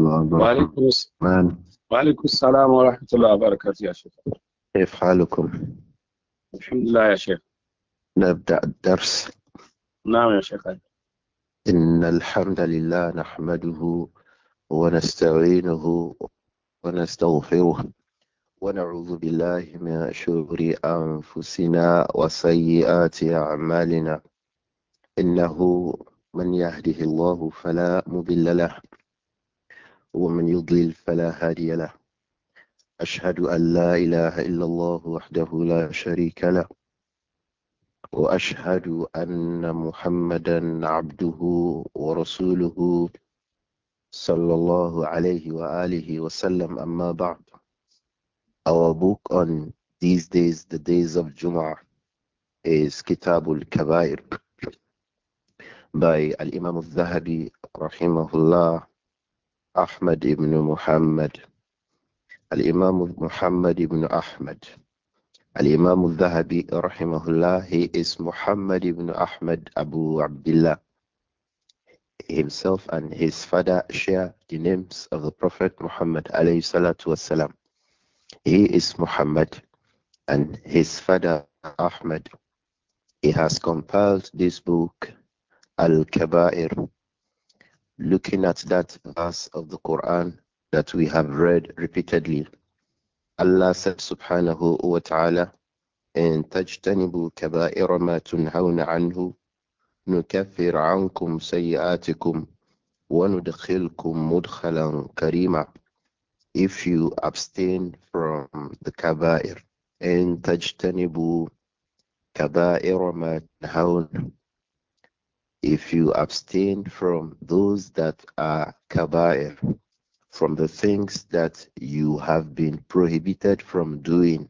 وعليكم السلام نعم. وعليكم, وعليكم السلام ورحمة الله وبركاته يا شيخ كيف حالكم؟ الحمد لله يا شيخ نبدأ الدرس نعم يا شيخ إن الحمد لله نحمده ونستعينه ونستغفره ونعوذ بالله من شرور أنفسنا وسيئات أعمالنا إنه من يهده الله فلا مضل له ومن يضلل فلا هادي له أشهد أن لا إله إلا الله وحده لا شريك له وأشهد أن محمدا عبده ورسوله صلى الله عليه وآله وسلم أما بعد Our book on these days, the days of Jum'ah is Kitabul Kabair by Al-Imam al-Zahabi rahimahullah Ahmad ibn Muhammad, Al Imam Muhammad ibn Ahmad. Al Imam al Zahabi, rahimahullah, he is Muhammad ibn Ahmad Abu Abdullah. Himself and his father share the names of the Prophet Muhammad. alayhi salatu wasalam. He is Muhammad and his father Ahmad. He has compiled this book, Al Kaba'ir, looking at that verse of the Quran that we have read repeatedly. Allah said subhanahu wa ta'ala in tajtanibu kaba'ira ma tunhawna anhu nukaffir ankum sayyi'atikum wa nudkhilkum mudkhalan karima if you abstain from the kaba'ir in tajtanibu kaba'ira ma tunhawna if you abstain from those that are kaba'ir, from the things that you have been prohibited from doing.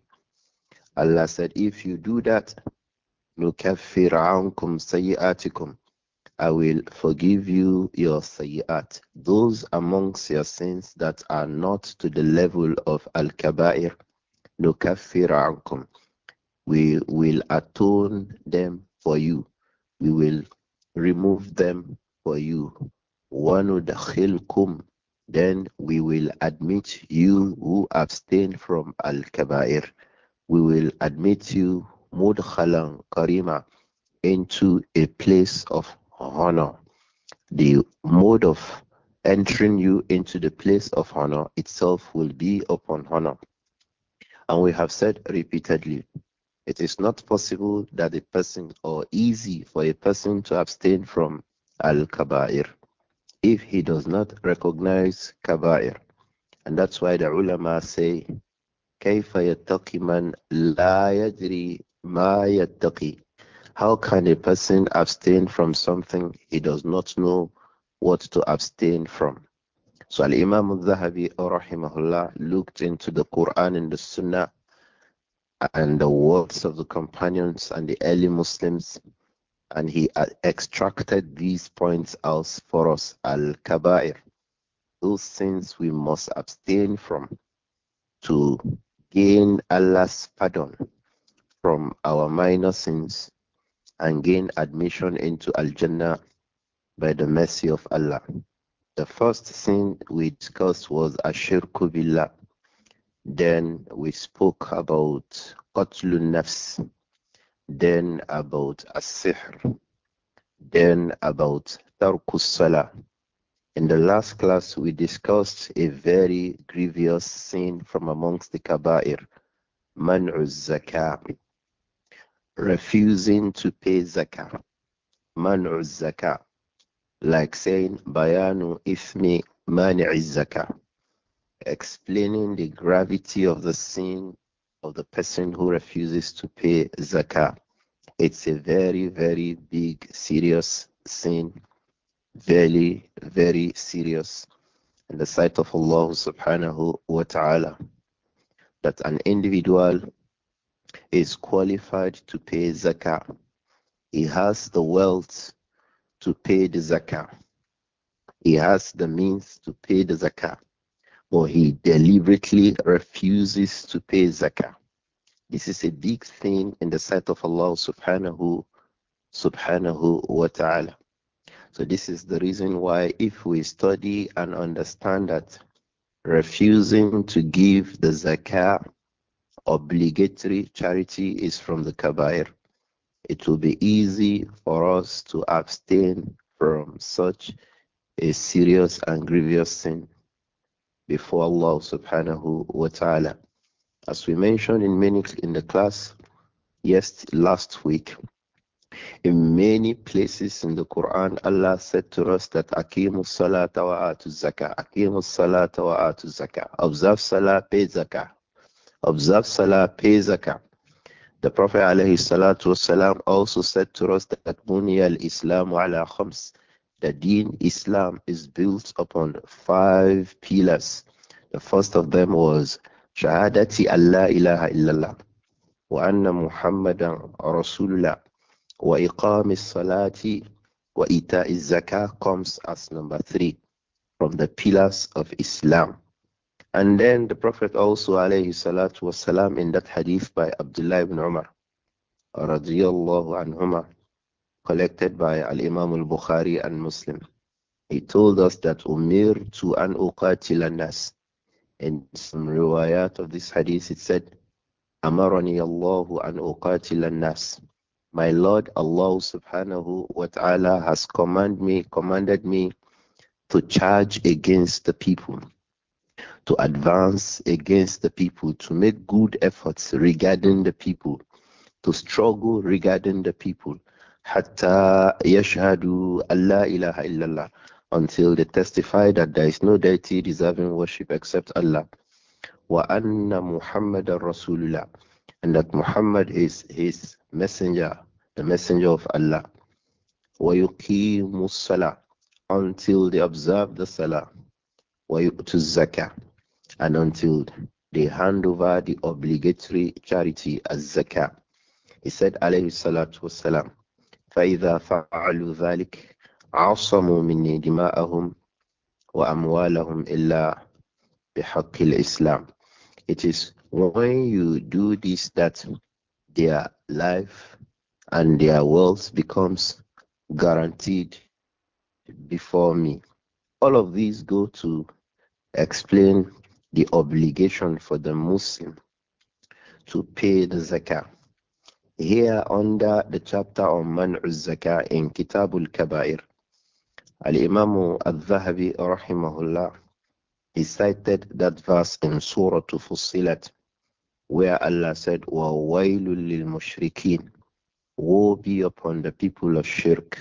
Allah said, if you do that, نُكَفِّرْ عَنْكُمْ سَيِّئَاتِكُمْ I will forgive you your sayyat, those amongst your sins that are not to the level of al-kaba'ir, نُكَفِّرْ عَنْكُمْ We will atone them for you. We will remove them for you. وَنُدَخِلْكُمْ Then we will admit you who abstain from Al-Kaba'ir. We will admit you مُدْخَلًا karima into a place of honor. The mode of entering you into the place of honor itself will be upon honor. And we have said repeatedly it is not possible that a person, or easy for a person to abstain from al kaba'ir if he does not recognize kaba'ir. And that's why the ulama say, كيف يتقي من لا يدري ما يتقي How can a person abstain from something he does not know what to abstain from? So Al-Imam al-Zahabi rahimahullah looked into the Quran and the Sunnah and the words of the companions and the early Muslims, and he uh, extracted these points out for us al kabair, those sins we must abstain from to gain Allah's pardon from our minor sins and gain admission into Al Jannah by the mercy of Allah. The first sin we discussed was Ashirku Billah, then we spoke about Qatlun Nafs, then about As-Sihr, then about Tarkus Salah. In the last class, we discussed a very grievous sin from amongst the Kaba'ir, Man'u Zakah, refusing to pay Zakah. Man'u Zakah, like saying Bayanu Ithmi Mani'i Zakah explaining the gravity of the sin of the person who refuses to pay zakah. It's a very, very big, serious sin. Very, very serious in the sight of Allah subhanahu wa ta'ala. That an individual is qualified to pay zakah. He has the wealth to pay the zakah. He has the means to pay the zakah. Or he deliberately refuses to pay zakah. This is a big thing in the sight of Allah subhanahu subhanahu wa ta'ala. So this is the reason why if we study and understand that refusing to give the zakah obligatory charity is from the kabair, it will be easy for us to abstain from such a serious and grievous sin before Allah subhanahu wa ta'ala. As we mentioned in many in the class yes last week, in many places in the Quran, Allah said to us that Akimu salata wa atu zakah. Akimu salata wa atu zakah. Observe salah, pay zakah. Observe salah, pay zakah. The Prophet alayhi salatu wasalam also said to us that Buniya al-Islam ala khams. The deen Islam is built upon five pillars. The first of them was Shahadati Allah ilaha illallah wa anna Muhammadan Rasulullah wa iqamis salati wa ita'iz zakah comes as number three from the pillars of Islam. And then the Prophet also alayhi salatu salam, in that hadith by Abdullah ibn Umar radiyallahu anhumah collected by Al Imam al Bukhari and Muslim. He told us that Umir to an uqatil nas. In some riwayat of this hadith, it said, Amarani Allahu an uqatil nas. My Lord Allah subhanahu wa ta'ala has commanded me, commanded me to charge against the people, to advance against the people, to make good efforts regarding the people, to struggle regarding the people حتى يشهدوا أن لا إله إلا الله until they testify that there is no deity deserving worship except Allah وأن محمد رسول الله and that Muhammad is his messenger the messenger of Allah ويقيم الصلاة until they observe the salah ويؤتوا الزكاة and until they hand over the obligatory charity as zakah he said alayhi salatu wasalam فإذا فعلوا ذلك عصموا مني دماءهم وأموالهم إلا بحق الإسلام It is when you do this that their life and their wealth becomes guaranteed before me. All of these go to explain the obligation for the Muslim to pay the zakah here under the chapter on Man'u zaka in Kitabul Kabair. Al Imam Al Zahabi Rahimahullah he cited that verse in Surah to Fussilat where Allah said, Wa wailul lil mushrikeen. Woe be upon the people of shirk,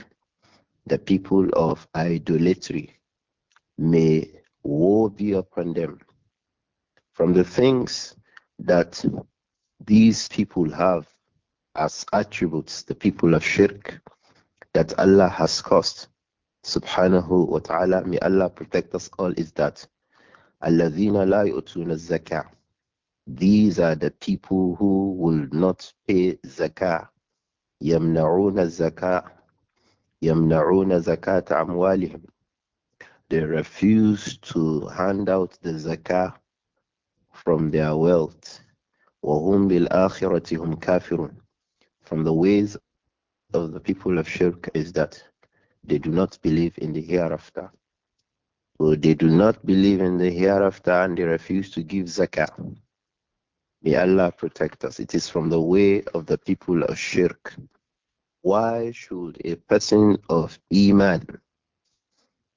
the people of idolatry. May woe be upon them. From the things that these people have as attributes the people of shirk that Allah has caused. Subhanahu wa ta'ala, may Allah protect us all is that Alladhina la yu'tuna zakah. These are the people who will not pay zakah. Yamna'una zakah. Yamna'una zakat amwalihim. They refuse to hand out the zakah from their wealth. Wahum بالآخرة هم كافرون from the ways of the people of Shirk is that they do not believe in the hereafter. So they do not believe in the hereafter and they refuse to give zakah. May Allah protect us. It is from the way of the people of Shirk. Why should a person of Iman,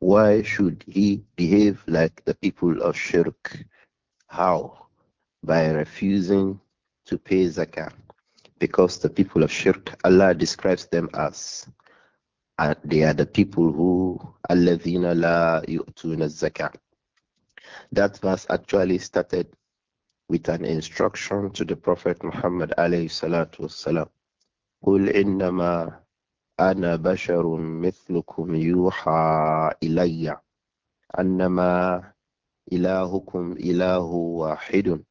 why should he behave like the people of Shirk? How? By refusing to pay zakah because the people of shirk, Allah describes them as uh, they are the people who alladhina la yu'tuna zakah. That verse actually started with an instruction to the Prophet Muhammad alayhi salatu wasalam. قل إنما أنا بشر مثلكم يوحى إلي أنما إلهكم إله واحد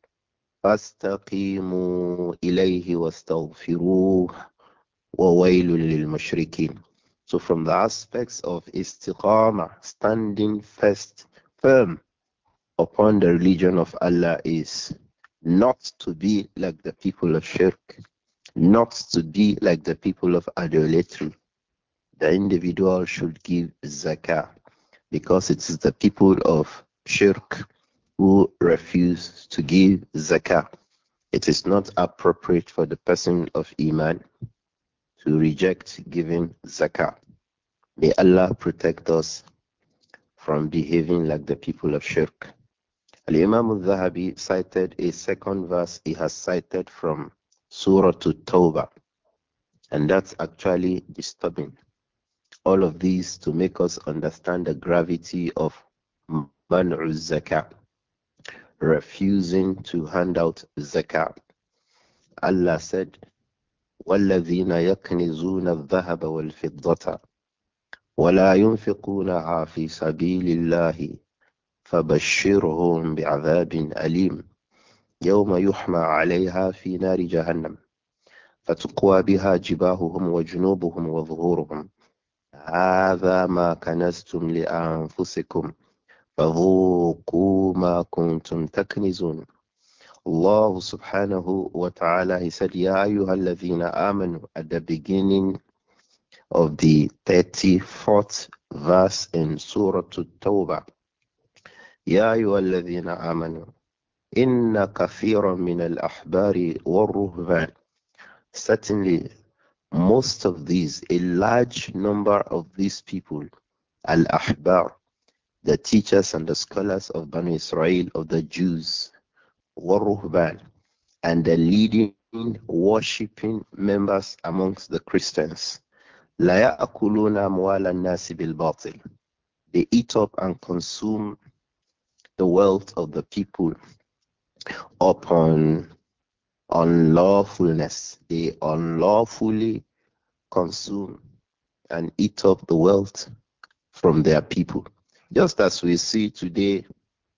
فاستقيموا إليه واستغفروه وويل للمشركين So from the aspects of istiqamah, standing fast, firm upon the religion of Allah is not to be like the people of shirk, not to be like the people of idolatry. The individual should give zakah because it is the people of shirk who refuse to give zakah. It is not appropriate for the person of Iman to reject giving zakah. May Allah protect us from behaving like the people of shirk. Al-Imam al-Zahabi cited a second verse he has cited from Surah to Tawbah. And that's actually disturbing. All of these to make us understand the gravity of man'u zakah refusing to hand out zakat, Allah said, والذين يكنزون الذهب والفضة ولا ينفقونها في سبيل الله فبشرهم بعذاب أليم يوم يحمى عليها في نار جهنم فتقوى بها جباههم وجنوبهم وظهورهم هذا ما كنزتم لأنفسكم فَذُوقُوا مَا كُنْتُمْ تَكْنِزُونَ Allah subhanahu wa ta'ala, He said, Ya ayyuhalladhina amanu, at the beginning of the 34th verse in Surah At-Tawbah. Ya ayyuhalladhina amanu, inna kafiran min al-ahbari Certainly, most of these, a large number of these people, al-ahbar, the teachers and the scholars of Banu Israel, of the Jews, Waruhban, and the leading worshipping members amongst the Christians. laya akulona أموال الناس بالباطل. They eat up and consume the wealth of the people upon unlawfulness. They unlawfully consume and eat up the wealth from their people. Just as we see today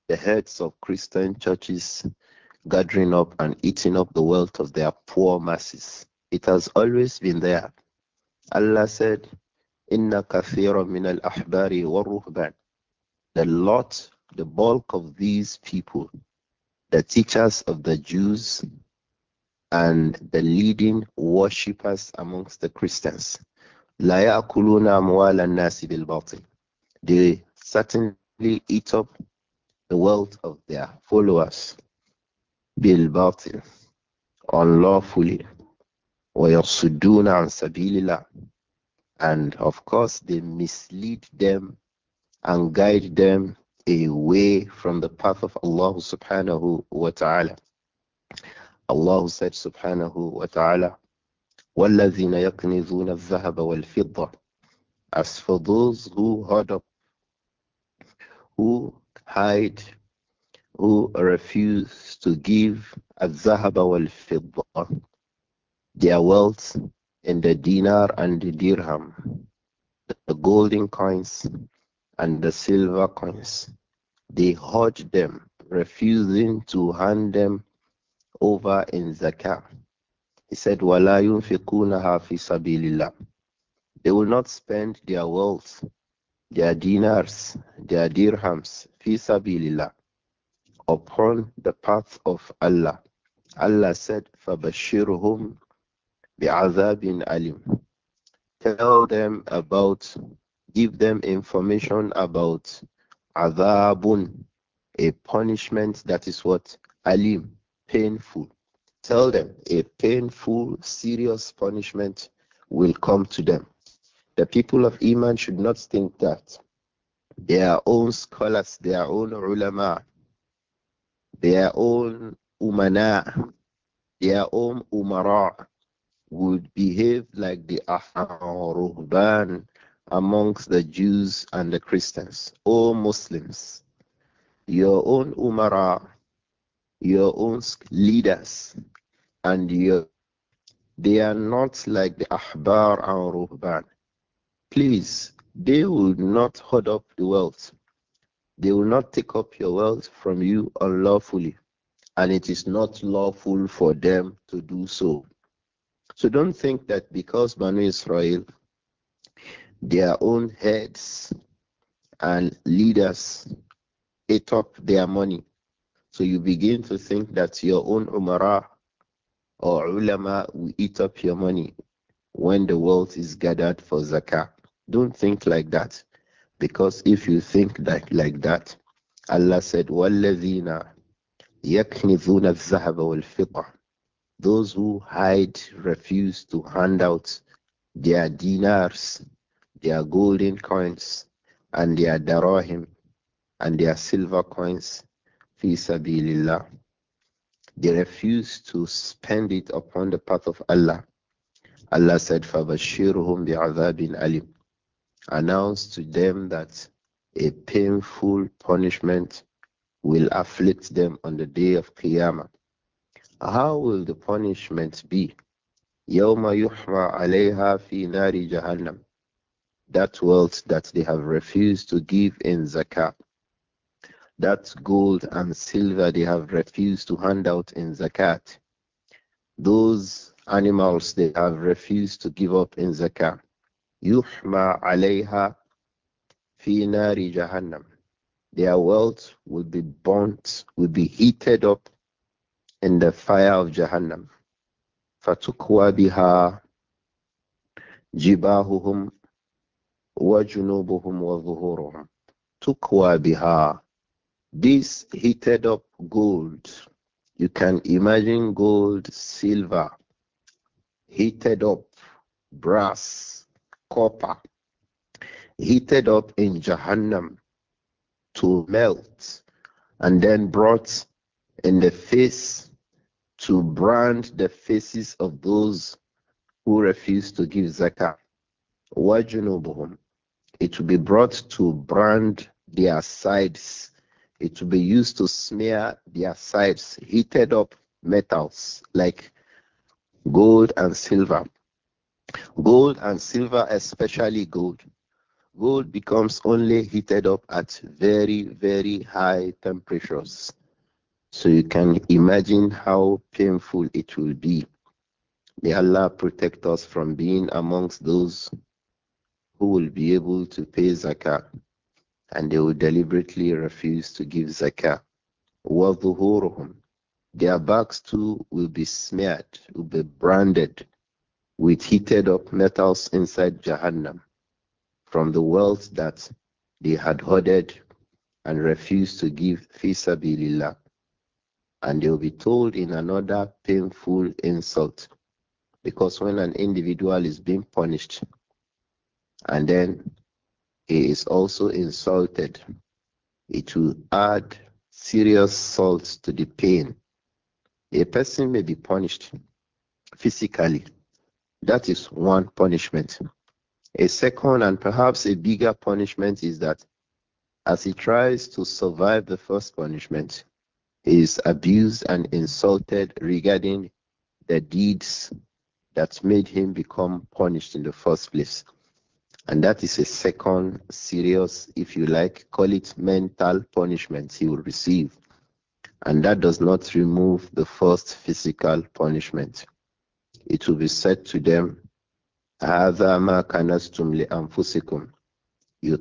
the heads of Christian churches gathering up and eating up the wealth of their poor masses. It has always been there. Allah said, Inna kathira min al ahbari wa ruhban. The lot, the bulk of these people, the teachers of the Jews and the leading worshippers amongst the Christians. La ya'kuluna amwal an-nasi bil They certainly eat up the wealth of their followers بالباطل unlawfully ويصدون عن and الله and of course they mislead them and guide them away from the path of Allah subhanahu wa ta'ala Allah said subhanahu wa ta'ala وَالَّذِينَ يَكْنِزُونَ الذَّهَبَ وَالْفِضَّةَ As for those who hoard up who hide, who refuse to give al-zahaba wal-fidda, their wealth in the dinar and the dirham, the golden coins and the silver coins. They hoard them, refusing to hand them over in zakah. He said, وَلَا يُنْفِقُونَهَا hafi سَبِيلِ They will not spend their wealth their dinars, their dirhams, fi sabilillah, upon the path of Allah. Allah said, فَبَشِّرْهُمْ بِعَذَابٍ alim." Tell them about, give them information about azabun, a punishment that is what? Alim, painful. Tell them a painful, serious punishment will come to them. The people of Iman should not think that their own scholars, their own ulama, their own umana, their own umara would behave like the Ruhban amongst the Jews and the Christians, or Muslims. Your own umara, your own leaders, and your they are not like the Ahbar and Ruhban please, they will not hoard up the wealth. They will not take up your wealth from you unlawfully, and it is not lawful for them to do so. So don't think that because Banu Israel, their own heads and leaders ate up their money. So you begin to think that your own umara or ulama will eat up your money when the wealth is gathered for zakah. Don't think like that. Because if you think that like that, Allah said, yaknizuna يَكْنِذُونَ الذَّهَبَ وَالْفِضَّةَ Those who hide, refuse to hand out their dinars, their golden coins, and their darahim, and their silver coins, fi sabilillah. They refuse to spend it upon the path of Allah. Allah said, فَبَشِّرْهُمْ بِعَذَابٍ alim." announced to them that a painful punishment will afflict them on the day of Qiyamah. How will the punishment be? يَوْمَ يُحْمَى fi فِي نَارِ جَهَنَّمَ That wealth that they have refused to give in zakah, that gold and silver they have refused to hand out in zakat, those animals they have refused to give up in zakah, Yuhma alayha fi nari jahannam. Their wealth will be burnt, will be heated up in the fire of Jahannam. Fatukwa biha jibahuhum wa junubuhum wa zuhuruhum. Tukwa biha. This heated up gold, you can imagine gold, silver, heated up, brass, copper heated up in Jahannam to melt and then brought in the face to brand the faces of those who refuse to give zakah. It will be brought to brand their sides. It will be used to smear their sides, heated up metals like gold and silver. Gold and silver, especially gold, gold becomes only heated up at very, very high temperatures. So you can imagine how painful it will be. May Allah protect us from being amongst those who will be able to pay zakah and they will deliberately refuse to give zakah. Their backs too will be smeared, will be branded with heated up metals inside Jahannam from the wealth that they had hoarded and refused to give fisabilillah. And they'll be told in another painful insult. Because when an individual is being punished and then he is also insulted, it will add serious salt to the pain. A person may be punished physically that is one punishment. A second and perhaps a bigger punishment is that as he tries to survive the first punishment, he is abused and insulted regarding the deeds that made him become punished in the first place. And that is a second serious, if you like, call it mental punishment he will receive. And that does not remove the first physical punishment it will be said to them, You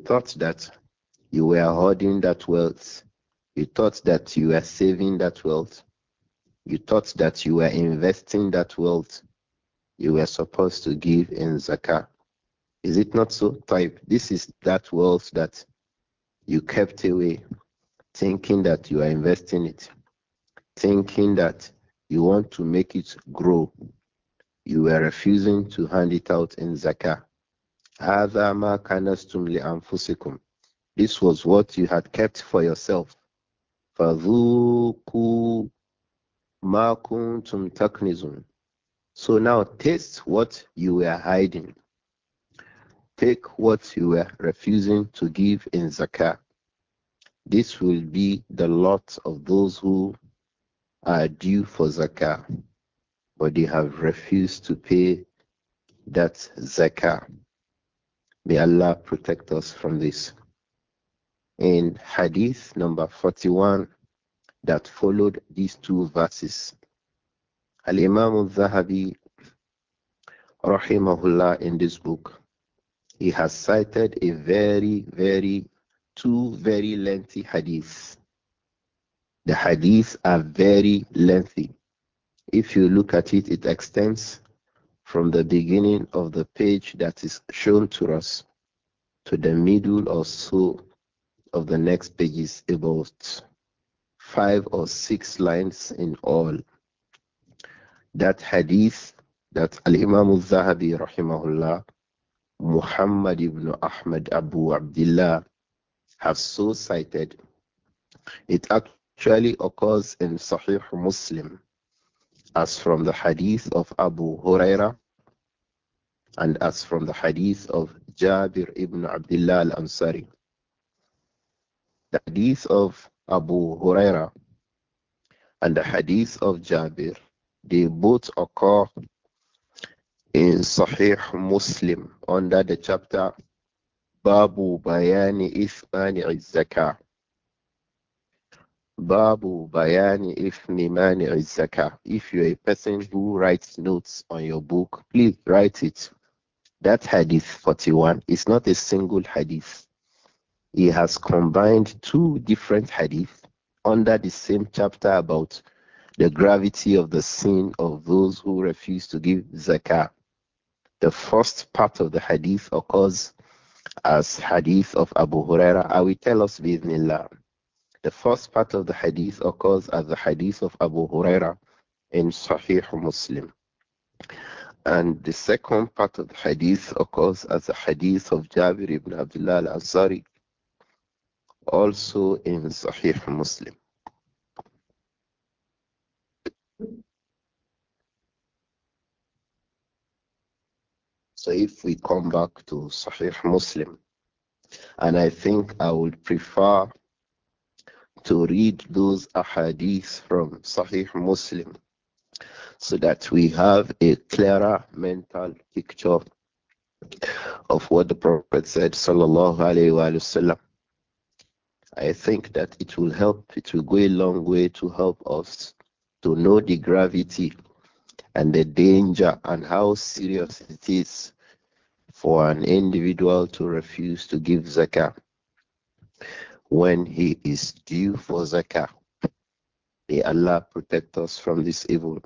thought that you were hoarding that wealth. You thought that you were saving that wealth. You thought that you were investing that wealth. You were supposed to give in zakah. Is it not so? Type. This is that wealth that you kept away, thinking that you are investing it, thinking that you want to make it grow, you were refusing to hand it out in zakah. This was what you had kept for yourself. So now taste what you were hiding. Take what you were refusing to give in zakah. This will be the lot of those who are due for zakah but they have refused to pay that zakah. May Allah protect us from this. In Hadith number 41 that followed these two verses, Al Imam al Zahabi, Rahimahullah, in this book, he has cited a very, very, two very lengthy hadiths. The hadiths are very lengthy. If you look at it, it extends from the beginning of the page that is shown to us to the middle or so of the next pages, about five or six lines in all. That hadith that Al Imam al Zahabi, rahimahullah, Muhammad ibn Ahmad Abu Abdullah have so cited. It actually occurs in Sahih Muslim as from the hadith of Abu Huraira and as from the hadith of Jabir ibn Abdullah al Ansari. The hadith of Abu Huraira and the hadith of Jabir, they both occur in Sahih Muslim under the chapter Babu Bayani Ithmani Zakah Babu Bayani Ifni Mani Izaka. If you're a person who writes notes on your book, please write it. That hadith 41 is not a single hadith. He has combined two different hadith under the same chapter about the gravity of the sin of those who refuse to give zakah. The first part of the hadith occurs as hadith of Abu Huraira. I will tell us bismillah the first part of the hadith occurs as the hadith of Abu Huraira in Sahih Muslim. And the second part of the hadith occurs as the hadith of Jabir ibn Abdullah al Ansari, also in Sahih Muslim. So if we come back to Sahih Muslim, and I think I would prefer to read those ahadith from Sahih Muslim so that we have a clearer mental picture of what the Prophet said, sallallahu alaihi wasallam. I think that it will help. It will go a long way to help us to know the gravity and the danger and how serious it is for an individual to refuse to give zakah when he is due for zakah. May Allah protect us from this evil.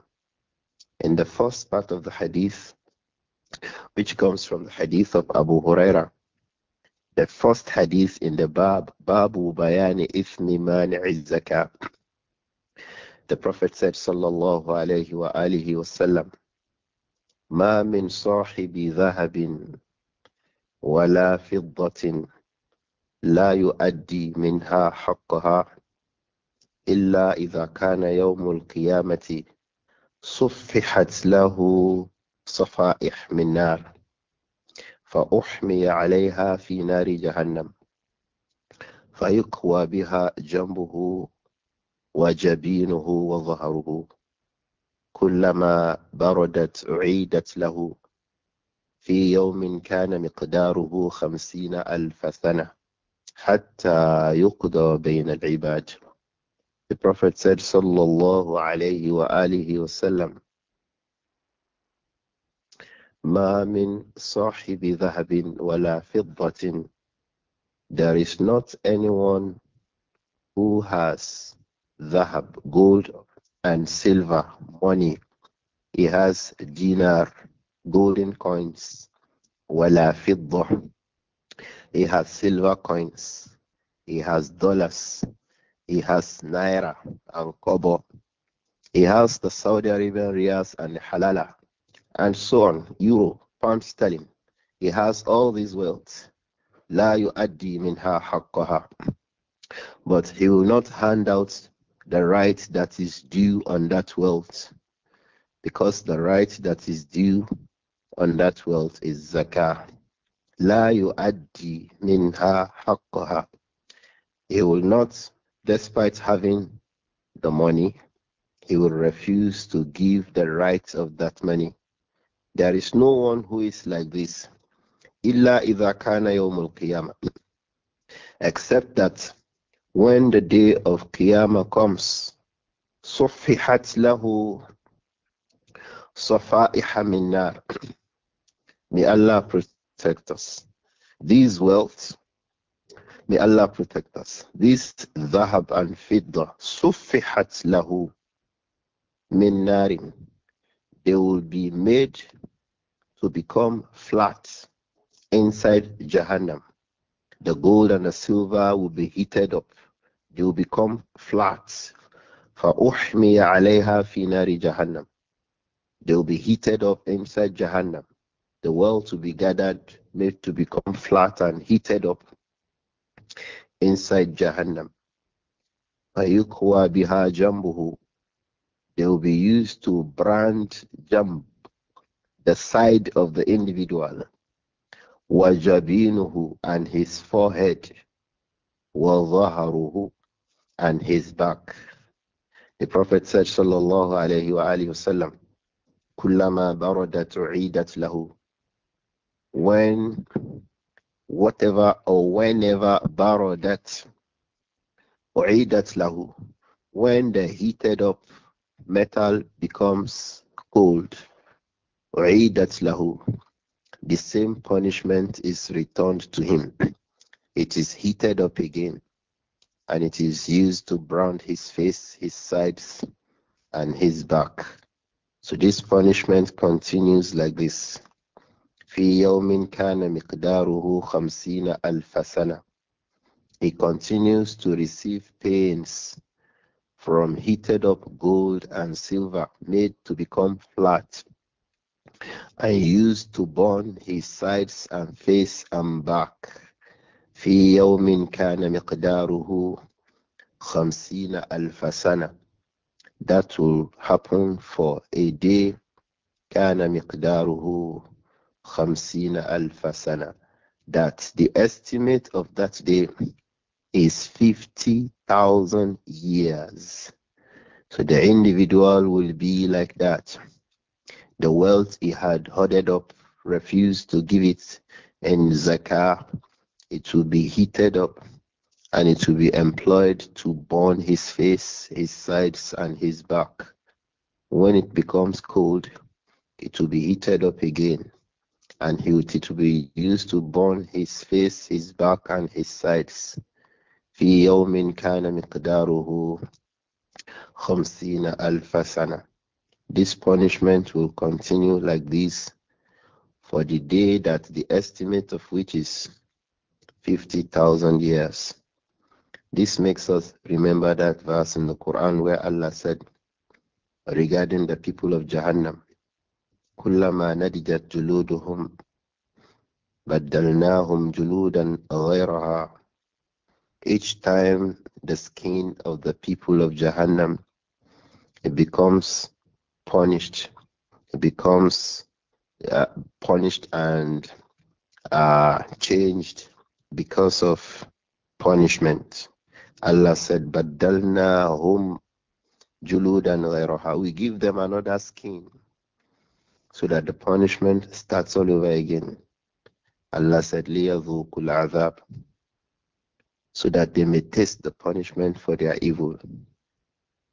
In the first part of the hadith, which comes from the hadith of Abu Huraira, the first hadith in the Bab, Babu Bayani Ithni Mani'i Zakah. The Prophet said, Sallallahu alayhi wa alihi wasallam, ما من صاحب ذهب ولا فضة لا يؤدي منها حقها إلا إذا كان يوم القيامة صفحت له صفائح من نار فأحمي عليها في نار جهنم فيقوى بها جنبه وجبينه وظهره كلما بردت أعيدت له في يوم كان مقداره خمسين ألف سنة حتى يقضى بين العباد. The Prophet said, Sallallahu alayhi wa wasallam, ما من صاحب ذهب ولا فضة. There is not anyone who has ذهب, gold and silver, money. He has dinar, golden coins, ولا فضة he has silver coins. He has dollars. He has naira and kobo. He has the Saudi Arabian riyals and halala and so on, euro, pound sterling. He has all these wealth. لا yu'addi منها haqqaha. But he will not hand out the right that is due on that wealth. Because the right that is due on that wealth is zakah. La yu'addi minha haqqaha. He will not, despite having the money, he will refuse to give the rights of that money. There is no one who is like this. Illa idha kana yawmul qiyamah. Except that when the day of qiyamah comes, صفحت له safaiha min نار. May Allah protect protect us. These wealth, may Allah protect us. This zahab and fidda, sufihat له min nari. They will be made to become flat inside Jahannam. The gold and the silver will be heated up. They will become flat. فأحمي عليها في نار جهنم. They will be heated up inside Jahannam the world to be gathered, made to become flat and heated up inside Jahannam. biha They will be used to brand jump the side of the individual. Wajabinuhu and his forehead. Wazaharuhu and his back. The Prophet said, Sallallahu Alaihi Wasallam, Kullama baradat u'idat lahu when whatever or whenever barodat or idat lahu when the heated up metal becomes cold or idat lahu the same punishment is returned to him it is heated up again and it is used to brand his face his sides and his back so this punishment continues like this في يوم كان مقداره خمسين ألف سنة he continues to receive pains from heated up gold and silver made to become flat and used to burn his sides and face and back في يوم كان مقداره خمسين ألف سنة that will happen for a day كان مقداره Khamsina alfa That the estimate of that day is 50,000 years. So the individual will be like that. The wealth he had hoarded up, refused to give it in zakah, it will be heated up and it will be employed to burn his face, his sides, and his back. When it becomes cold, it will be heated up again and he would, it will be used to burn his face, his back, and his sides. في يوم كان مقداره خمسين ألف سنة. This punishment will continue like this for the day that the estimate of which is 50,000 years. This makes us remember that verse in the Quran where Allah said regarding the people of Jahannam, كلما نضجت جلودهم بدلناهم جلودا غيرها each time the skin of the people of Jahannam it becomes punished it becomes uh, punished and uh, changed because of punishment Allah said بدلناهم جلودا غيرها we give them another skin so that the punishment starts all over again. Allah said, لِيَذُوقُ azab," so that they may taste the punishment for their evil.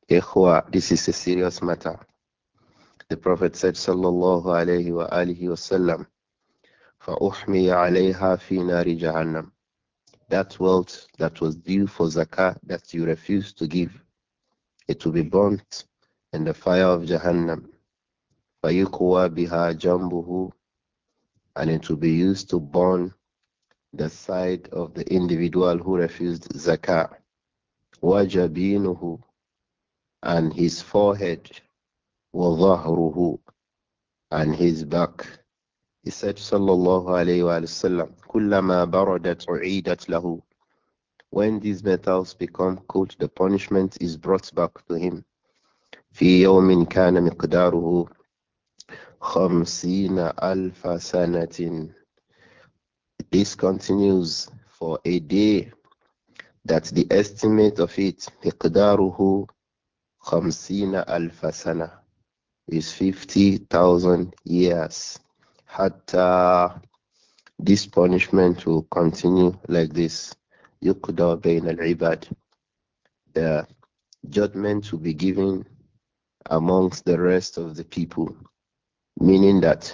Ikhwa, this is a serious matter. The Prophet said, Sallallahu alayhi wa alihi wasallam, فَأُحْمِيَ عَلَيْهَا فِي نَارِ جَهَنَّمْ That wealth that was due for zakah that you refused to give, it will be burnt in the fire of Jahannam. Fayukuwa biha jambuhu, and it will be used to burn the side of the individual who refused zakah. Wajabinuhu, and his forehead. Wadahruhu, and his back. He said, Sallallahu alayhi wa sallam, Kullama baradat u'idat lahu. When these metals become cold, the punishment is brought back to him. في يوم كان مقداره خمسين ألف سنة This continues for a day that the estimate of it مقداره خمسين ألف سنة is 50,000 years حتى this punishment will continue like this يقضى بين العباد the judgment will be given amongst the rest of the people Meaning that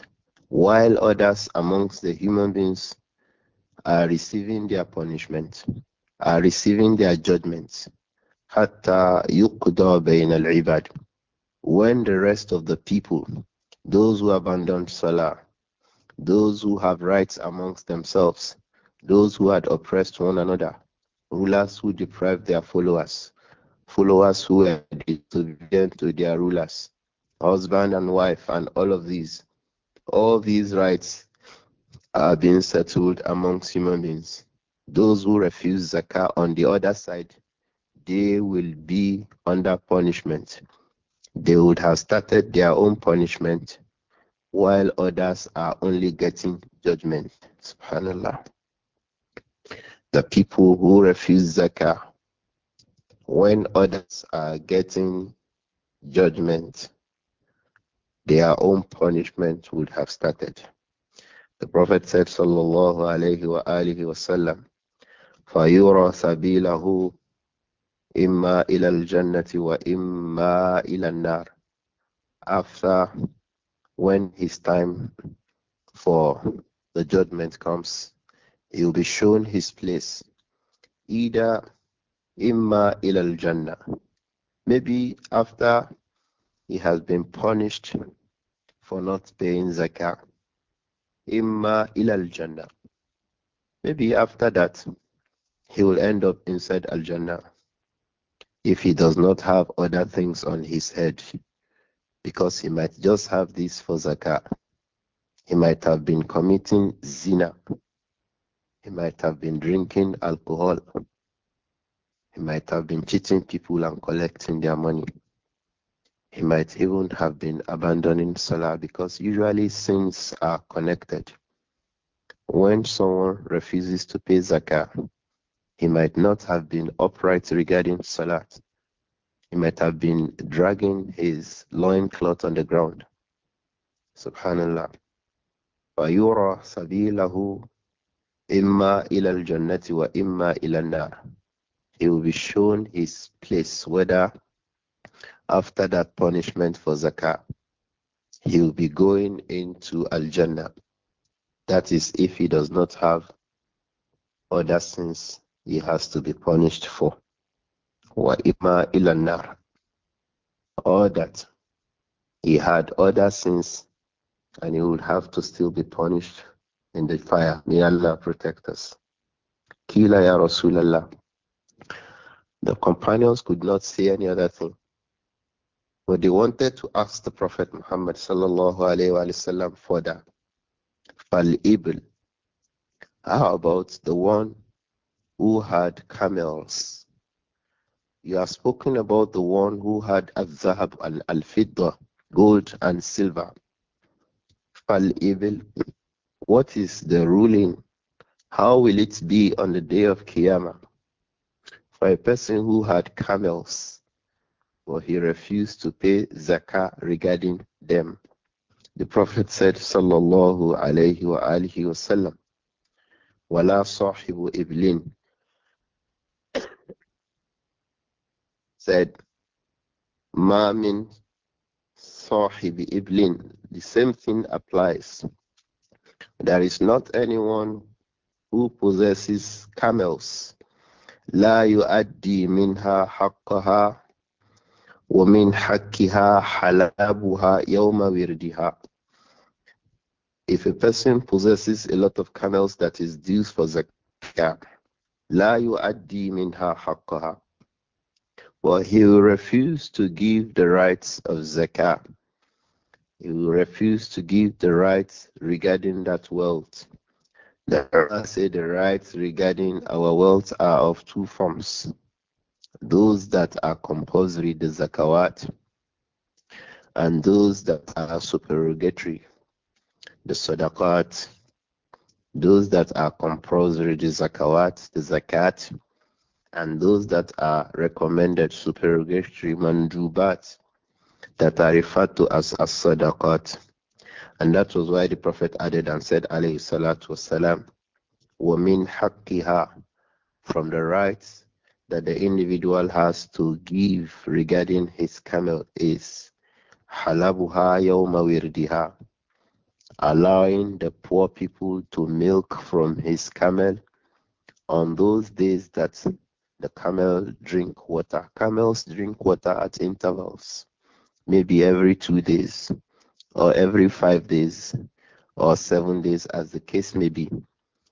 while others amongst the human beings are receiving their punishment, are receiving their judgments, حتى يقضى al العباد when the rest of the people, those who abandoned Salah, those who have rights amongst themselves, those who had oppressed one another, rulers who deprived their followers, followers who were disobedient to their rulers, husband and wife, and all of these. All these rights are being settled amongst human beings. Those who refuse zakah on the other side, they will be under punishment. They would have started their own punishment while others are only getting judgment. SubhanAllah. The people who refuse zakah when others are getting judgment, their own punishment would have started. The Prophet said, Sallallahu alayhi wa alihi wa sallam, فَيُرَى سَبِيلَهُ إِمَّا إِلَى الْجَنَّةِ وَإِمَّا إِلَى النَّارِ After, when his time for the judgment comes, he will be shown his place, either imma ilal jannah. Maybe after he has been punished for not paying zakah. Imma ilal jannah. Maybe after that, he will end up inside al jannah if he does not have other things on his head, because he might just have this for zakah. He might have been committing zina. He might have been drinking alcohol. He might have been cheating people and collecting their money. He might even have been abandoning Salah because usually sins are connected. When someone refuses to pay Zakah, he might not have been upright regarding Salah. He might have been dragging his loincloth on the ground. Subhanallah. ila al إِمَّا إِلَى الْجَنَّةِ وَإِمَّا إِلَى النَّارِ He will be shown his place, whether after that punishment for zakah, he will be going into Al Jannah. That is, if he does not have other sins he has to be punished for. Wa ima ilanar. Or that he had other sins and he would have to still be punished in the fire. May Allah protect us. Kila ya Rasulallah. The companions could not say any other thing. But they wanted to ask the Prophet Muhammad sallallahu alayhi wa sallam for that. Fal-ibl. How about the one who had camels? You have spoken about the one who had al-zahab and al-fidda, gold and silver. Fal-ibl. What is the ruling? How will it be on the day of Qiyamah? For a person who had camels, or he refused to pay zakah regarding them. The Prophet said, Sallallahu alayhi wa alihi wasallam, Wala sahibu iblin said, Ma min sahibi iblin. The same thing applies. There is not anyone who possesses camels. La yu'addi minha haqqaha ومن حقها حلابها يوم وردها if a person possesses a lot of camels that is due for zakah, لا يؤدي منها حقها. Well, he will refuse to give the rights of zakah. He will refuse to give the rights regarding that wealth. The Quran said the rights regarding our wealth are of two forms those that are compulsory, the zakawat, and those that are supererogatory, the sadaqat, those that are compulsory, the zakawat, the zakat, and those that are recommended supererogatory mandubat, that are referred to as as sadaqat. And that was why the Prophet added and said, alayhi salatu wasalam, min حَقِّهَا From the rights that the individual has to give regarding his camel is halabuha yawma allowing the poor people to milk from his camel on those days that the camel drink water. Camels drink water at intervals, maybe every two days, or every five days, or seven days, as the case may be.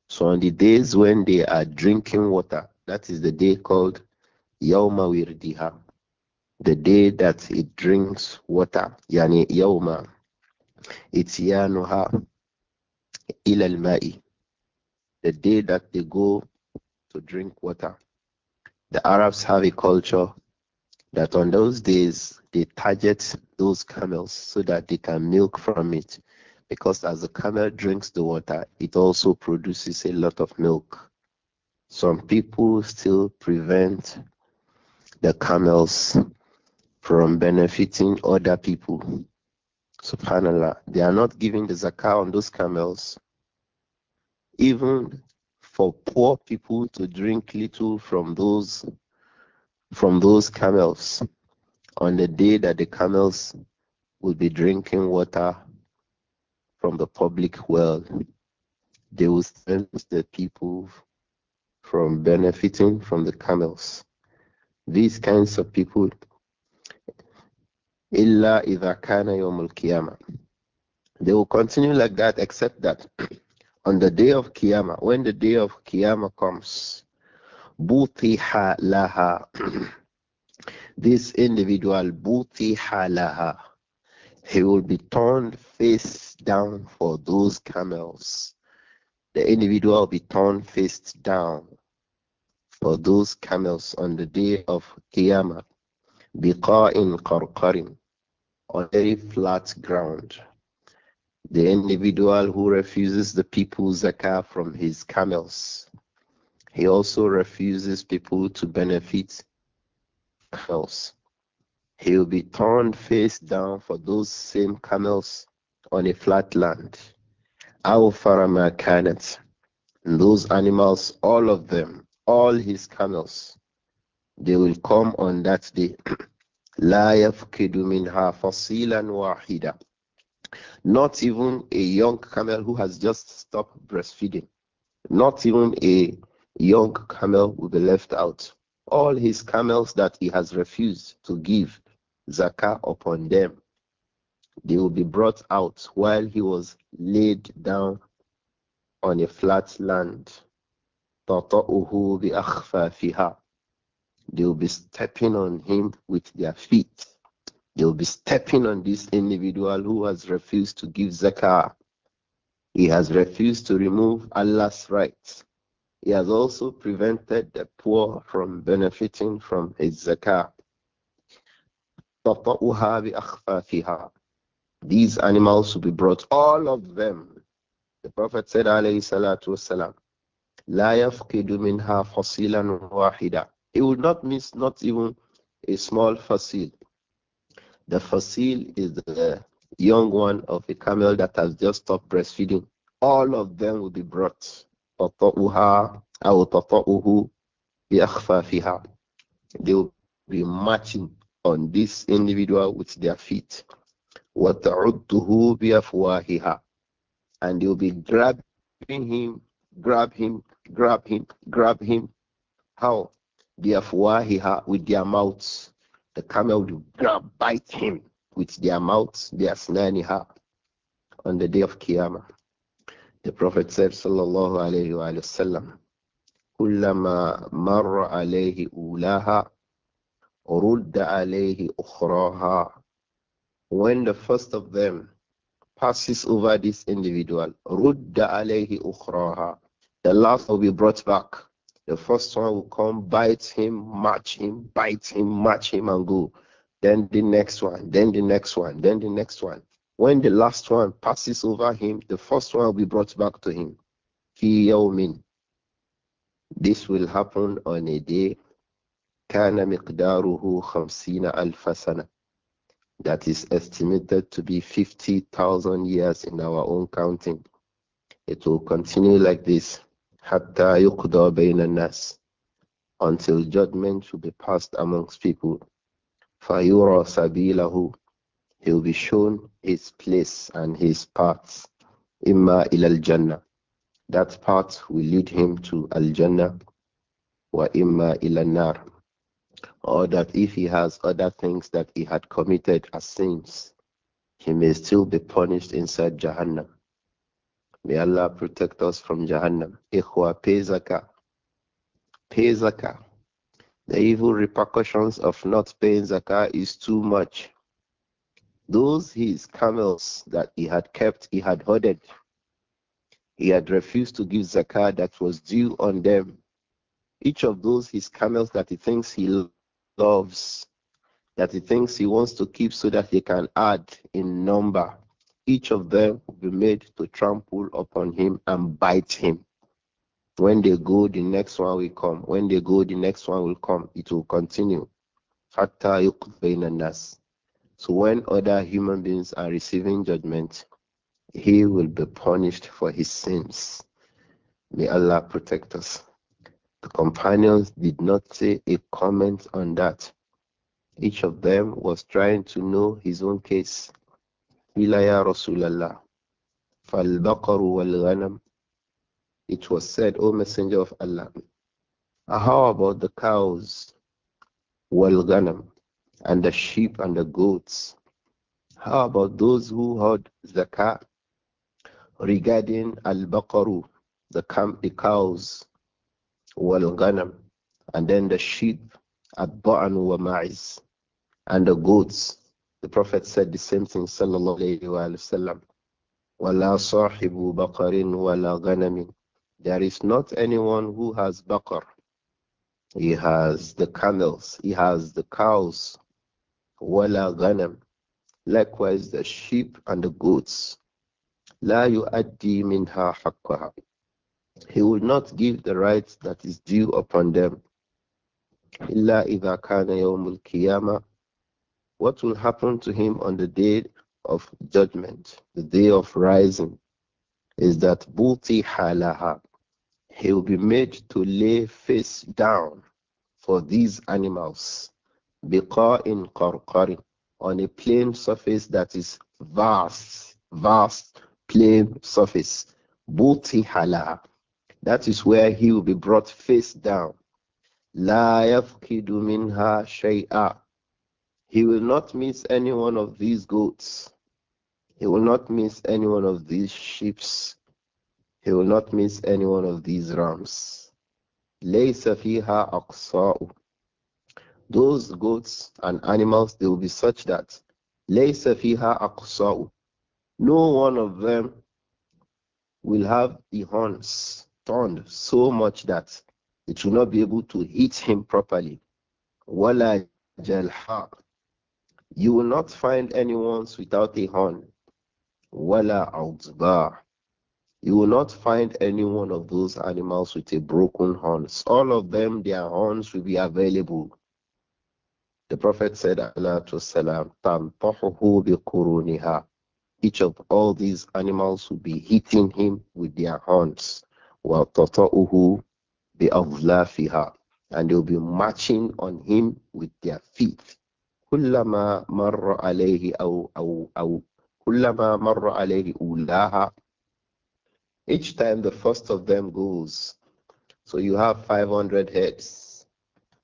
So on the days when they are drinking water, that is the day called Yawma Wirdiha, the day that it drinks water. Yani Yawma. It's Yanuha Ilal Ma'i, the day that they go to drink water. The Arabs have a culture that on those days they target those camels so that they can milk from it. Because as the camel drinks the water, it also produces a lot of milk some people still prevent the camels from benefiting other people. Subhanallah, they are not giving the zakah on those camels, even for poor people to drink little from those from those camels on the day that the camels will be drinking water from the public well. They will send the people from benefiting from the camels. These kinds of people, illa idha kana yawmul qiyamah. They will continue like that except that on the day of kiyama, when the day of kiyama comes, butiha laha. this individual, butiha laha, he will be turned face down for those camels the individual will be turned face down for those camels on the day of Qiyamah. in qarqarin, on very flat ground. The individual who refuses the people zakah from his camels, he also refuses people to benefit camels. He will be turned face down for those same camels on a flat land. Our ما كانت and those animals, all of them, all his camels, they will come on that day. لا يفقد منها فصيلا واحدا Not even a young camel who has just stopped breastfeeding. Not even a young camel will be left out. All his camels that he has refused to give zakah upon them, they will be brought out while he was laid down on a flat land. They will be stepping on him with their feet. They will be stepping on this individual who has refused to give zakah. He has refused to remove Allah's rights. He has also prevented the poor from benefiting from his zakah. These animals will be brought, all of them. The Prophet said, alayhi salatu wasalam, La yafqidu minha fasilan wahida. He will not miss not even a small fasil. The fasil is the young one of a camel that has just stopped breastfeeding. All of them will be brought. They will be matching on this individual with their feet. وَتَعُدُّهُ بِأَفْوَاهِهَا And you'll be grabbing him, grab him, grab him, grab him. How? بِأَفْوَاهِهَا With their mouths. The camel will grab, bite him with their mouths, بِأَسْنَانِهَا On the day of Qiyamah. The Prophet said, Sallallahu Alaihi Wasallam, كلما مر عليه أولاها رد عليه أخراها when the first of them passes over this individual, the last will be brought back. The first one will come, bite him, match him, bite him, match him, and go. Then the next one, then the next one, then the next one. When the last one passes over him, the first one will be brought back to him. This will happen on a day. كان مقداره خمسين ألف سنة that is estimated to be 50,000 years in our own counting. It will continue like this Hatta يقضى بين until judgment will be passed amongst people. فيرى سبيله he will be shown his place and his path. Imma ilal Jannah. That path will lead him to Al Jannah. Wa imma ilal Nar or that if he has other things that he had committed as sins, he may still be punished inside Jahannam. May Allah protect us from Jahannam. Ikhwa, pay pezaka. Pay The evil repercussions of not paying zakah is too much. Those his camels that he had kept, he had hoarded. He had refused to give zakah that was due on them. Each of those his camels that he thinks he loves that he thinks he wants to keep so that he can add in number. Each of them will be made to trample upon him and bite him. When they go, the next one will come. When they go, the next one will come. It will continue. So when other human beings are receiving judgment, he will be punished for his sins. May Allah protect us. The companions did not say a comment on that. Each of them was trying to know his own case. Ilaya Rasulallah. Falbaqaru wal It was said, O Messenger of Allah, how about the cows, wal and the sheep and the goats? How about those who heard zakah regarding al baqaru, the, the cows, wal and then the sheep at Ba'an and the goats. The Prophet said the same thing, sallallahu alayhi wa sallam. وَلَا صَاحِبُ بَقَرٍ وَلَا غَنَمٍ There is not anyone who has baqar. He has the camels, he has the cows. وَلَا غَنَمٍ Likewise, the sheep and the goats. لَا يُؤَدِّي مِنْهَا حَقَّهَا he will not give the right that is due upon them. What will happen to him on the day of judgment, the day of rising, is that Buti Halaha, he will be made to lay face down for these animals. Biqa in on a plain surface that is vast, vast plain surface. Buti Halaha. That is where he will be brought face down. La yafkidu minha shay'a. He will not miss any one of these goats. He will not miss any one of these sheep. He will not miss any one of these rams. Laysa fiha aqsa'u. Those goats and animals, they will be such that Laysa fiha aqsa'u. No one of them will have the horns stunned so much that it will not be able to hit him properly. Wala jalha. You will not find anyone without a horn. Wala outbar. You will not find any one of those animals with a broken horns. All of them, their horns will be available. The Prophet said, Salam, Each of all these animals will be hitting him with their horns. بِأَظْلَافِهَا And they'll be marching on him with their feet. كُلَّمَا مَرَّ عَلَيْهِ أَوْ أَوْ أَوْ كُلَّمَا مَرَّ عَلَيْهِ أُولَاهَا Each time the first of them goes, so you have 500 heads,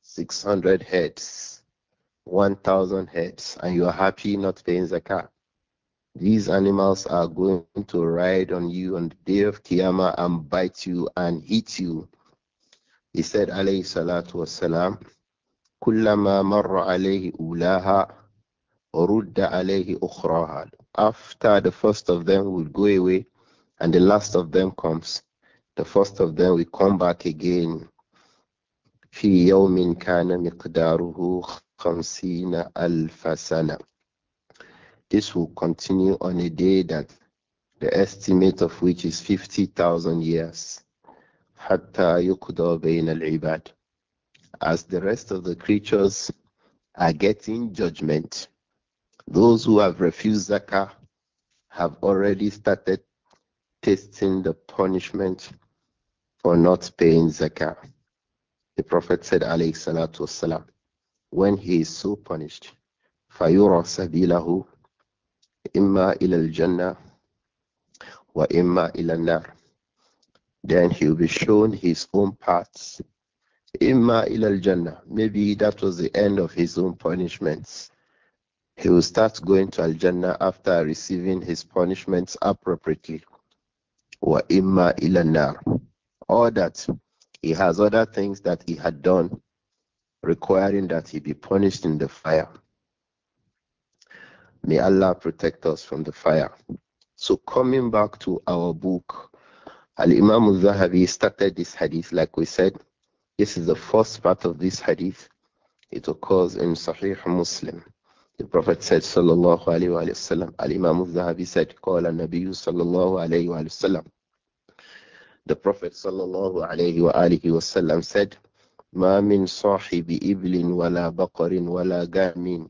600 heads, 1,000 heads, and you are happy not paying zakat. These animals are going to ride on you on the day of Qiyamah and bite you and eat you. He said, alayhi salatu wasalam, كلما مر عليه أولاها رد عليه أخراها. After the first of them will go away and the last of them comes, the first of them will come back again. في يوم كان مقداره خمسين ألف سنة this will continue on a day that the estimate of which is 50,000 years. Hatta يقضى بين العباد. As the rest of the creatures are getting judgment, those who have refused zakah have already started tasting the punishment for not paying zakah. The Prophet said, alayhi salatu wasalam, when he is so punished, فَيُرَى سَبِيلَهُ i ilal Jannah Then he will be shown his own paths. Imma ilal Jannah. Maybe that was the end of his own punishments. He will start going to Al Jannah after receiving his punishments appropriately. Wa Imma Nar. All that. He has other things that he had done requiring that he be punished in the fire. May Allah protect us from the fire. So coming back to our book, Al-Imam zahabi started this hadith like we said. This is the first part of this hadith. It occurs in Sahih Muslim. The Prophet said, Sallallahu Alaihi Wasallam, wa Al-Imam al-Zahabi said, Qala Nabiyu Sallallahu Alaihi Wasallam. The Prophet Sallallahu Alaihi wa Wasallam said, ما من صاحب إبل ولا بقر ولا جام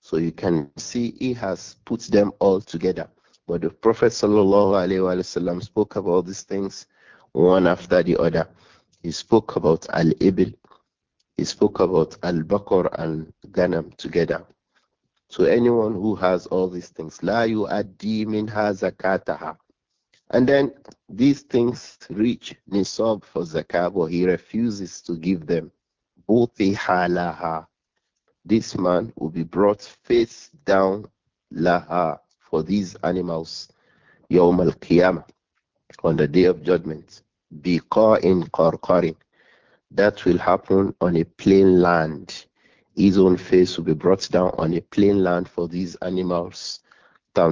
so you can see he has put them all together. But the Prophet وسلم, spoke about these things one after the other. He spoke about Al Ibil, he spoke about Al Bakr and Ghanam together. So anyone who has all these things, La yu'addi min zakataha. And then these things reach nisab for zakah, but he refuses to give them. Buti halaha this man will be brought face down laha for these animals yawm al qiyamah on the day of judgment in qarqarin that will happen on a plain land his own face will be brought down on a plain land for these animals they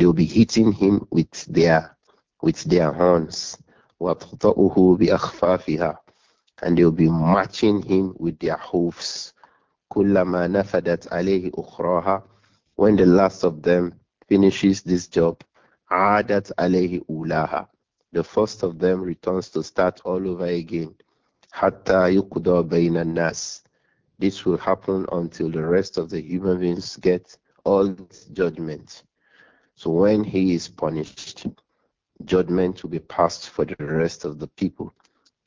will be hitting him with their with their horns and they'll be matching him with their hoofs. Kullama nafadat عليه أخراها when the last of them finishes this job عادت عليه ulaha. the first of them returns to start all over again حتى يقضى بين nas. this will happen until the rest of the human beings get all judgment so when he is punished judgment will be passed for the rest of the people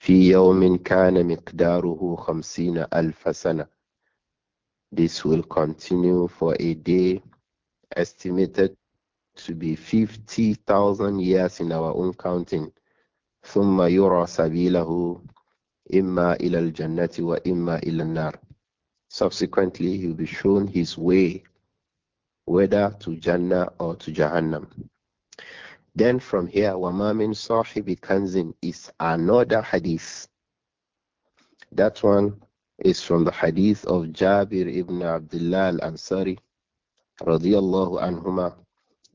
في يوم كان مقداره خمسين ألف سنة This will continue for a day estimated to be 50,000 years in our own counting. ثم يرى سبيله إما إلى الجنة وإما إلى النار. Subsequently, he will be shown his way, whether to Jannah or to Jahannam. Then from here, وَمَا مِنْ صَاحِبِ كَنْزٍ is another hadith. That one is from the hadith of Jabir ibn Abdullah al-Ansari radiyallahu anhuma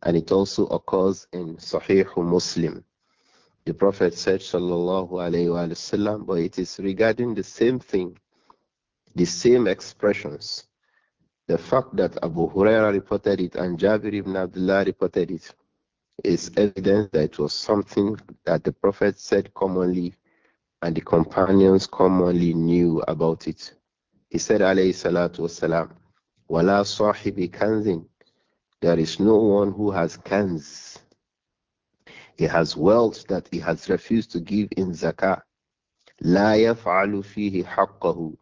and it also occurs in Sahih Muslim. The Prophet said sallallahu alayhi wa sallam but it is regarding the same thing, the same expressions. The fact that Abu Huraira reported it and Jabir ibn Abdullah reported it is evidence that it was something that the Prophet said commonly and the companions commonly knew about it. He said, alayhi salatu wasalam, wala sahibi kanzin. There is no one who has kanz. He has wealth that he has refused to give in zakah. La yaf'alu fihi haqqahu.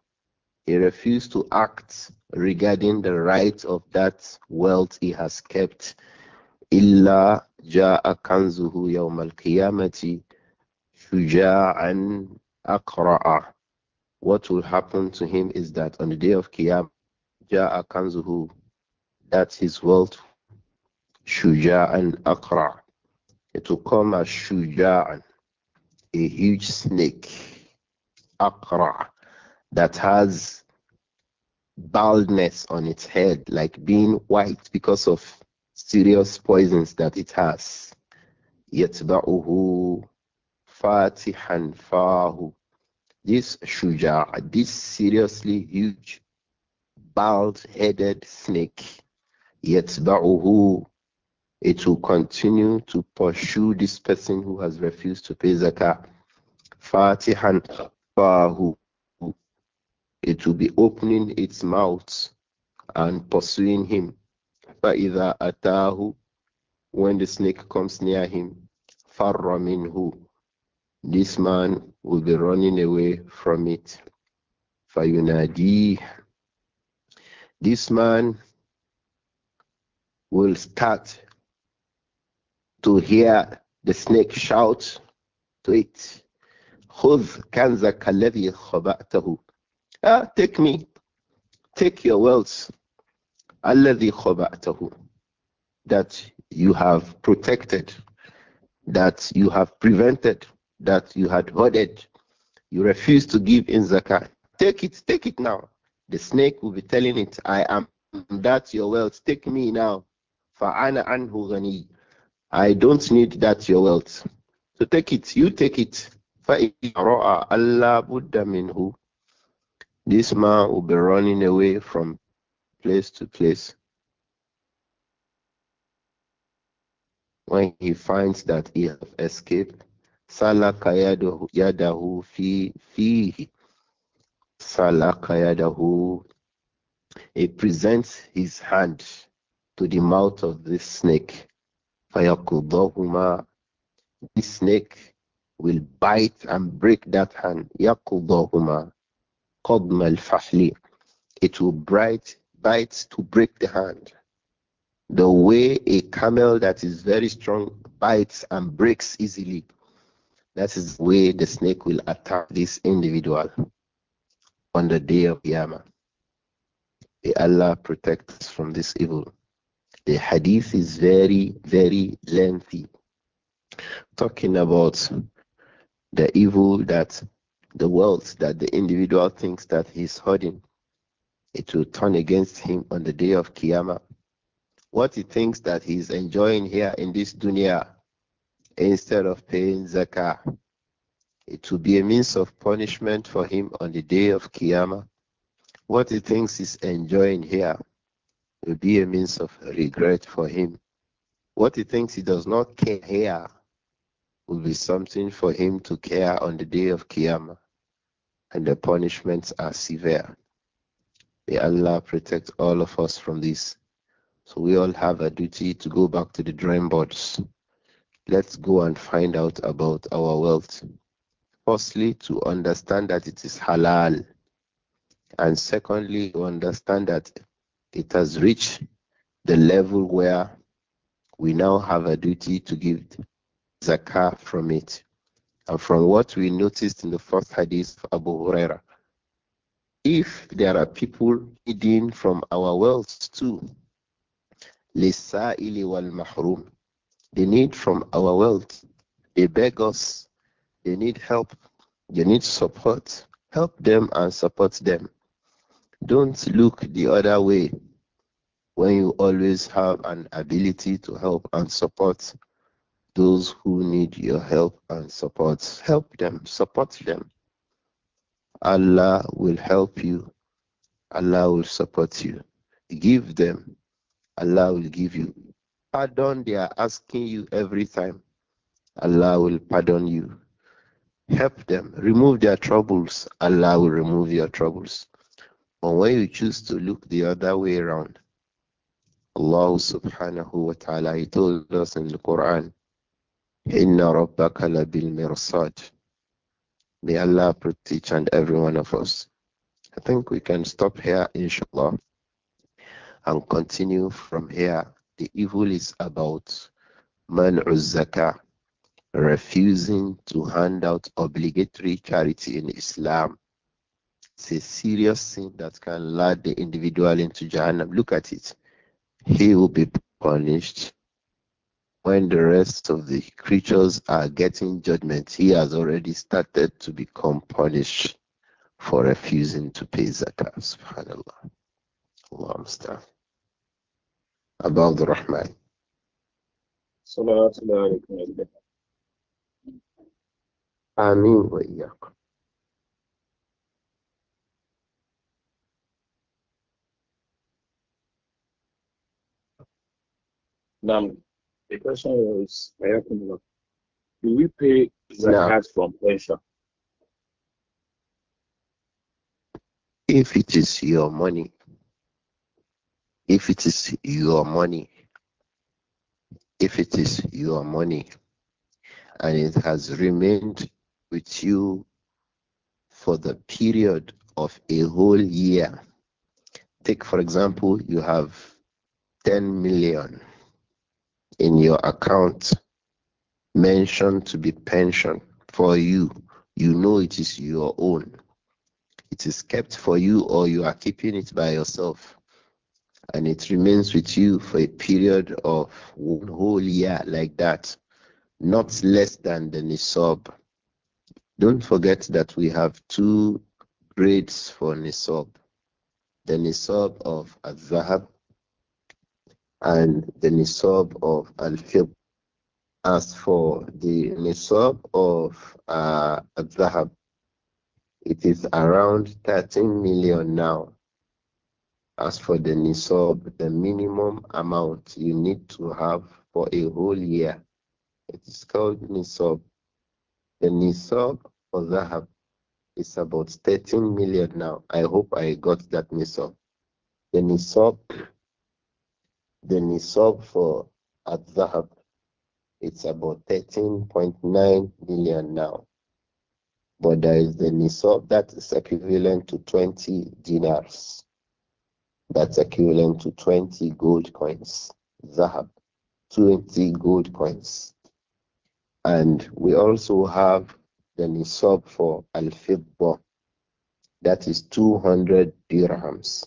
He refused to act regarding the rights of that wealth he has kept jaa kanzuhu كنزه يوم القيامة شجاعا أقرأ What will happen to him is that on the day of Qiyam, jaa kanzuhu, that his wealth and أقرأ It will come as شجاعا a huge snake أقرأ that has baldness on its head like being white because of serious poisons that it has. يَتْبَعُهُ فَاتِحًا فَاهُ This shuja, this seriously huge, bald-headed snake, يَتْبَعُهُ It will continue to pursue this person who has refused to pay zakah. فَاتِحًا فَاهُ It will be opening its mouth and pursuing him. فَإِذَا أَتَاهُ When the snake comes near him, far مِنْهُ This man will be running away from it. فَيُنَادِيهُ This man will start to hear the snake shout to it. خُذْ كَنْزَكَ الَّذِي خَبَأْتَهُ ah, Take me, take your wealth that you have protected, that you have prevented, that you had hoarded. You refuse to give in zakat. Take it, take it now. The snake will be telling it, I am that your wealth. Take me now. Fa'ana anhu ghani. I don't need that your wealth. So take it, you take it. Allah This man will be running away from place to place, when he finds that he have escaped, salaka yadahu fi fihi. Salaka yadahu. He presents his hand to the mouth of this snake. Fayakudahuma. This snake will bite and break that hand. Yakudahuma. Qadma al-fahli. It will bite, bites to break the hand. The way a camel that is very strong bites and breaks easily, that is the way the snake will attack this individual on the day of Yama. May Allah protect us from this evil. The hadith is very, very lengthy, talking about the evil that the wealth that the individual thinks that he's hoarding it will turn against him on the day of Qiyamah. What he thinks that he is enjoying here in this dunya instead of paying zakah, it will be a means of punishment for him on the day of Qiyamah. What he thinks is enjoying here will be a means of regret for him. What he thinks he does not care here will be something for him to care on the day of Qiyamah, and the punishments are severe. May Allah protect all of us from this. So we all have a duty to go back to the drawing boards. Let's go and find out about our wealth. Firstly, to understand that it is halal. And secondly, to understand that it has reached the level where we now have a duty to give zakah from it. And from what we noticed in the first hadith of Abu Huraira, if there are people needing from our wealth too, لِلسَّائِلِ mahrum, They need from our wealth. They beg us. They need help. They need support. Help them and support them. Don't look the other way when you always have an ability to help and support those who need your help and support. Help them, support them. Allah will help you. Allah will support you. Give them. Allah will give you. Pardon they are asking you every time. Allah will pardon you. Help them. Remove their troubles. Allah will remove your troubles. But when you choose to look the other way around, Allah subhanahu wa ta'ala, He told us in the Quran, إِنَّ رَبَّكَ لَبِالْمِرْصَادِ May Allah protect each and every one of us. I think we can stop here, inshallah, and continue from here. The evil is about man zakah, refusing to hand out obligatory charity in Islam. It's a serious sin that can lead the individual into Jahannam. Look at it. He will be punished when the rest of the creatures are getting judgment, he has already started to become punished for refusing to pay zakat. Subhanallah. Allah Mustafa. Abu Abdul Rahman. wa وإياكم نعم the question was, do we pay zakat no. from pension? If it is your money, if it is your money, if it is your money, and it has remained with you for the period of a whole year. Take, for example, you have 10 million in your account mentioned to be pension for you, you know it is your own. It is kept for you, or you are keeping it by yourself. And it remains with you for a period of one whole year, like that, not less than the Nisab. Don't forget that we have two grades for Nisab the Nisab of Azahab and the nisab of al-fib. As for the nisab of uh, al-zahab, it is around 13 million now. As for the nisab, the minimum amount you need to have for a whole year, it is called nisab. The nisab for zahab is about 13 million now. I hope I got that nisab. The nisab the nisab for Al-Zahab, it's about 13.9 million now. But there is the nisab that is equivalent to 20 dinars. That's equivalent to 20 gold coins. Zahab, 20 gold coins. And we also have the nisab for Al-Fiddah, that is 200 dirhams.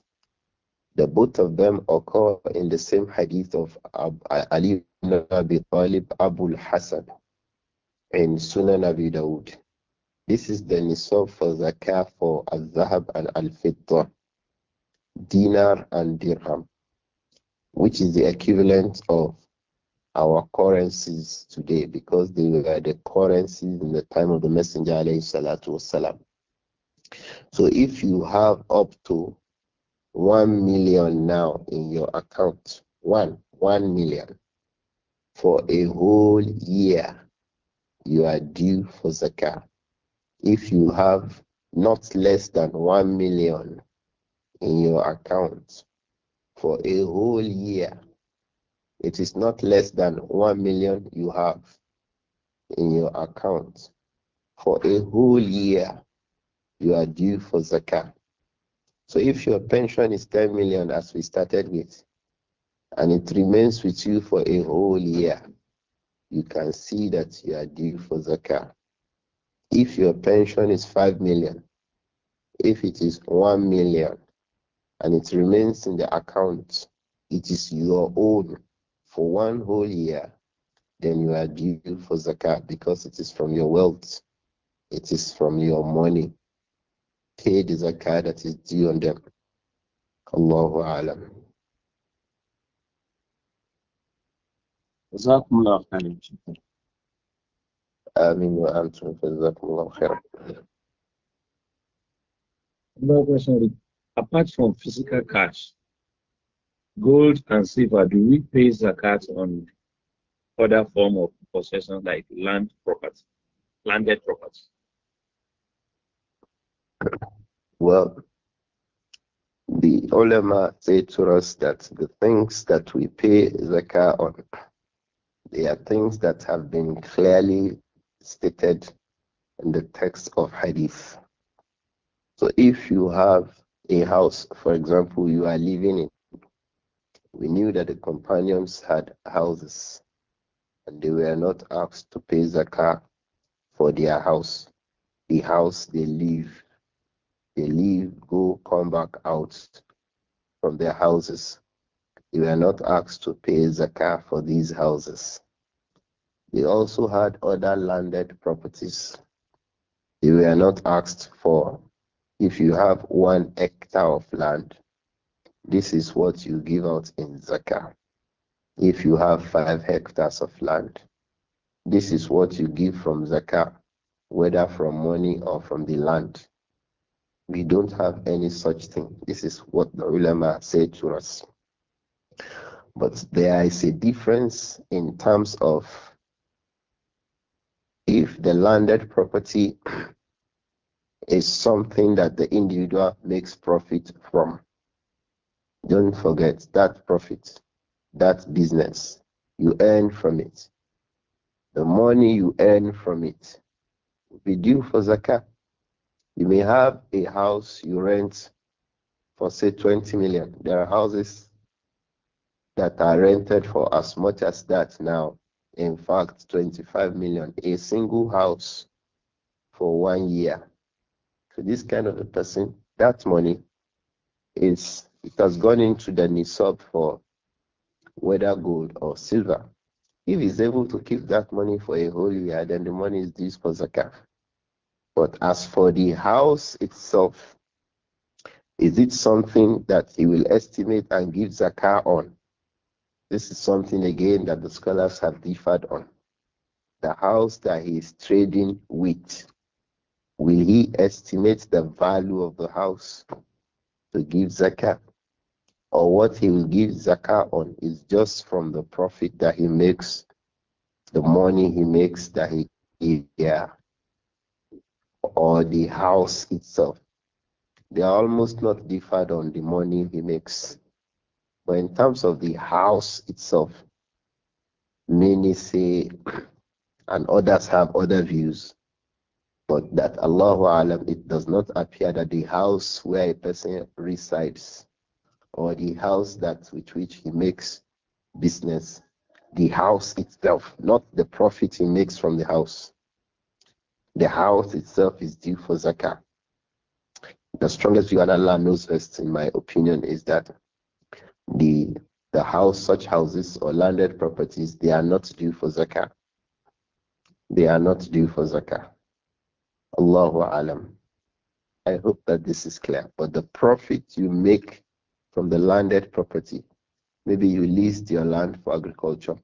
The both of them occur in the same hadith of Ali ibn Abi Talib Abul Hasan in Sunan Abi Dawud. This is the nisab for zakah for al-zahab and al-fitr, dinar and dirham, which is the equivalent of our currencies today because they were the currencies in the time of the Messenger alayhi salatu wasalam. So if you have up to one million now in your account. One, one million. For a whole year, you are due for zakah. If you have not less than one million in your account for a whole year, it is not less than one million you have in your account for a whole year, you are due for zakah. So if your pension is 10 million, as we started with, and it remains with you for a whole year, you can see that you are due for zakah. If your pension is 5 million, if it is 1 million, and it remains in the account, it is your own for one whole year, then you are due for zakat because it is from your wealth, it is from your money pay the zakah that is due on them. Allahu alam. جزاكم الله خيرا آمين وأنتم Another question apart from physical cash, gold and silver, do we pay zakat on other form of possession like land property, landed property? Well, the ulama say to us that the things that we pay zakah on, they are things that have been clearly stated in the text of hadith. So if you have a house, for example, you are living in, we knew that the companions had houses and they were not asked to pay zakah for their house, the house they live they leave, go, come back out from their houses. They were not asked to pay zakah for these houses. They also had other landed properties. They were not asked for. If you have one hectare of land, this is what you give out in zakah. If you have five hectares of land, this is what you give from zakah, whether from money or from the land. We don't have any such thing. This is what the ulama said to us. But there is a difference in terms of if the landed property is something that the individual makes profit from. Don't forget that profit, that business, you earn from it. The money you earn from it will be due for zakat. You may have a house you rent for say 20 million. There are houses that are rented for as much as that now. In fact, 25 million. A single house for one year. So this kind of a person, that money is it has gone into the nisab for whether gold or silver. If he's able to keep that money for a whole year, then the money is due for zakat. But as for the house itself, is it something that he will estimate and give zakah on? This is something again that the scholars have differed on. The house that he is trading with, will he estimate the value of the house to give zakah? Or what he will give zakah on is just from the profit that he makes, the money he makes that he yeah or the house itself. They are almost not differed on the money he makes. But in terms of the house itself, many say, and others have other views, but that Allah Alam, it does not appear that the house where a person resides or the house that with which he makes business, the house itself, not the profit he makes from the house the house itself is due for zakah. The strongest view, Allah knows best, in my opinion, is that the the house, such houses or landed properties, they are not due for zakah. They are not due for zakah. Allahu alam. I hope that this is clear. But the profit you make from the landed property, maybe you leased your land for agriculture,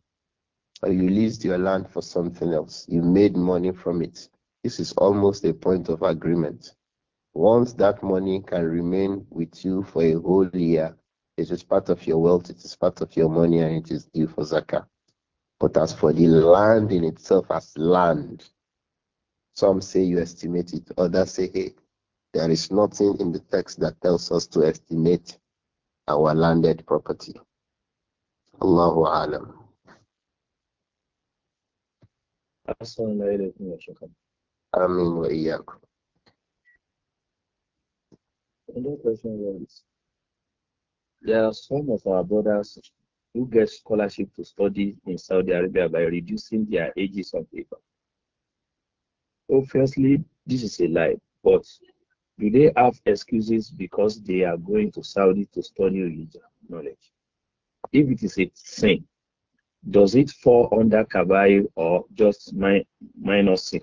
or you leased your land for something else. You made money from it. This is almost a point of agreement. Once that money can remain with you for a whole year, it is part of your wealth, it is part of your money, and it is due for zakah. But as for the land in itself, as land, some say you estimate it, others say, hey, there is nothing in the text that tells us to estimate our landed property. Allahu Alam. آمين وإياكم Another question was there are some of our brothers who get scholarship to study in Saudi Arabia by reducing their ages on paper. Obviously, this is a lie, but do they have excuses because they are going to Saudi to study religion knowledge? If it is a sin, does it fall under Kabair or just minor sin?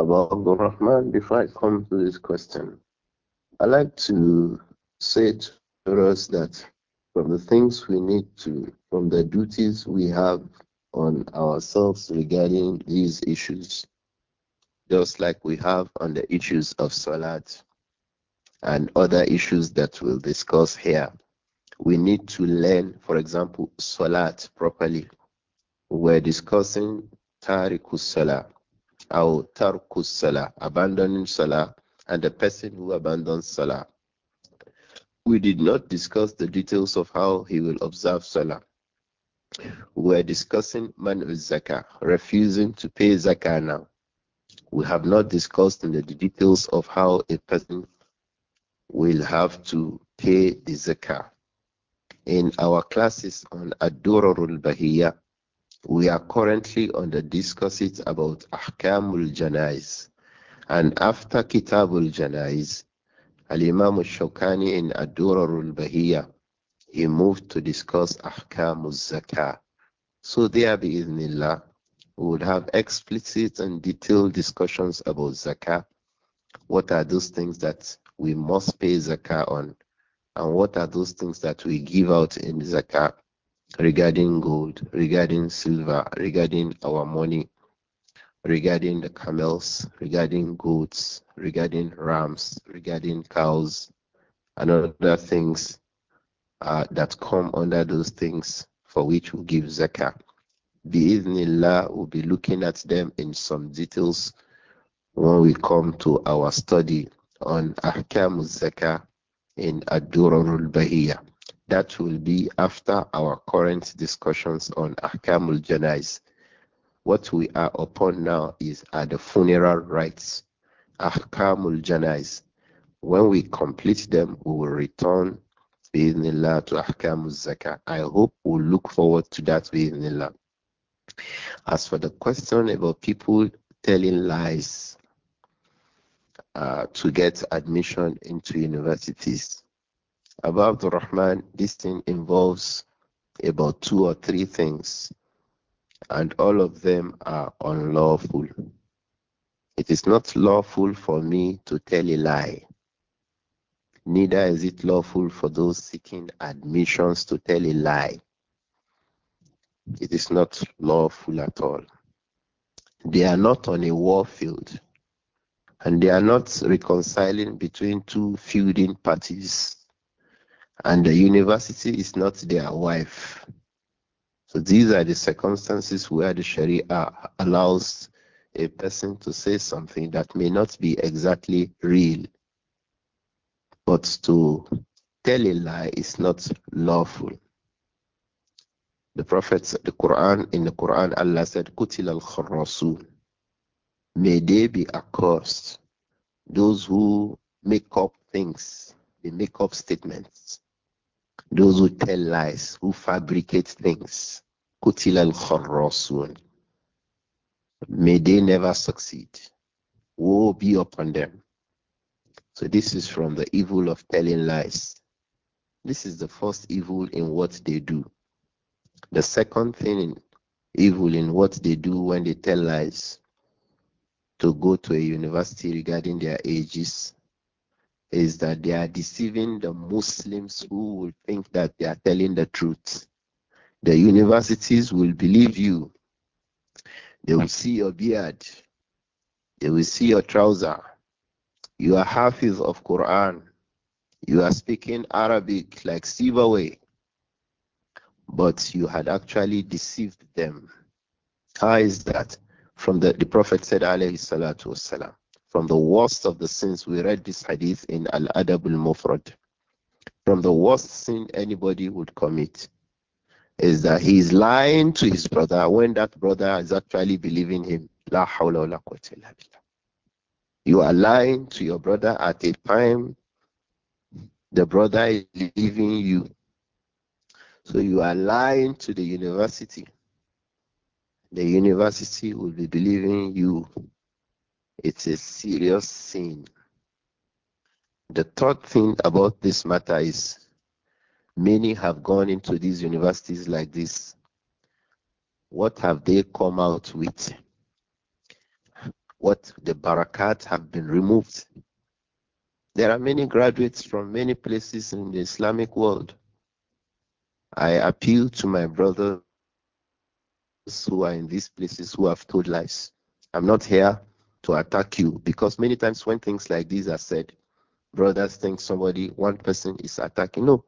Abu Rahman, before I come to this question, I like to say to us that from the things we need to, from the duties we have on ourselves regarding these issues, just like we have on the issues of Salat and other issues that we'll discuss here. We need to learn, for example, Salat properly. We're discussing Tariqus Salah our ترك sala abandoning salah and the person who abandons salah we did not discuss the details of how he will observe salah we are discussing man zakah refusing to pay zakah now we have not discussed in the details of how a person will have to pay the zakah in our classes on Adurarul Bahiyya, we are currently on the discussions about Ahkamul Janais. And after Kitabul Janais, Al Imam Shokani in Adurarul Bahiyya, he moved to discuss Ahkamul Zakah. So there, bi'idhnillah, we would have explicit and detailed discussions about Zakah. What are those things that we must pay Zakah on? And what are those things that we give out in Zakah? regarding gold, regarding silver, regarding our money, regarding the camels, regarding goats, regarding rams, regarding cows, and other things uh, that come under those things for which we give zakah. Bismillah. we'll be looking at them in some details when we come to our study on Ahkam zakah in Ad-Durarul Bahiyah. That will be after our current discussions on Ahkamul Janais. What we are upon now is at the funeral rites, Ahkamul Janais. When we complete them, we will return Bismillah to Ahkamul Zakah. I hope we'll look forward to that Bismillah. As for the question about people telling lies uh, to get admission into universities, about the Rahman, this thing involves about two or three things, and all of them are unlawful. It is not lawful for me to tell a lie. Neither is it lawful for those seeking admissions to tell a lie. It is not lawful at all. They are not on a warfield, and they are not reconciling between two feuding parties and the university is not their wife. So these are the circumstances where the Sharia allows a person to say something that may not be exactly real, but to tell a lie is not lawful. The Prophet, the Quran, in the Quran, Allah said, "Kutil al May they be accursed, those who make up things, they make up statements. Those who tell lies, who fabricate things. Kutil al kharrasun. May they never succeed. Woe be upon them. So this is from the evil of telling lies. This is the first evil in what they do. The second thing, evil in what they do when they tell lies to go to a university regarding their ages is that they are deceiving the Muslims who will think that they are telling the truth. The universities will believe you. They will see your beard. They will see your trouser. You are Hafiz of Quran. You are speaking Arabic like Sibaway. But you had actually deceived them. How is that? From the, the Prophet said, alayhi salatu wasalam, from the worst of the sins, we read this hadith in Al Adabul Mufrad. From the worst sin anybody would commit is that he is lying to his brother when that brother is actually believing him. La la quwwata You are lying to your brother at a time the brother is leaving you. So you are lying to the university. The university will be believing you. It's a serious sin. The third thing about this matter is many have gone into these universities like this. What have they come out with? What the barakat have been removed. There are many graduates from many places in the Islamic world. I appeal to my brothers who are in these places who have told lies. I'm not here to attack you because many times when things like these are said, brothers think somebody, one person is attacking. No.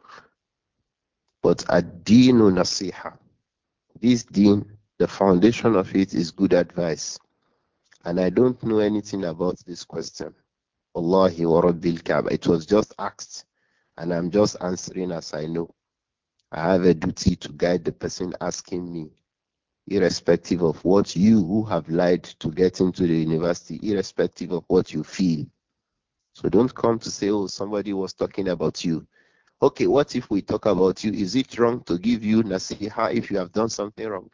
But a adinu nasiha. This deen, the foundation of it is good advice. And I don't know anything about this question. Allahi wa Rabbil It was just asked, and I'm just answering as I know. I have a duty to guide the person asking me irrespective of what you who have lied to get into the university, irrespective of what you feel. So don't come to say, oh, somebody was talking about you. Okay, what if we talk about you? Is it wrong to give you nasiha if you have done something wrong?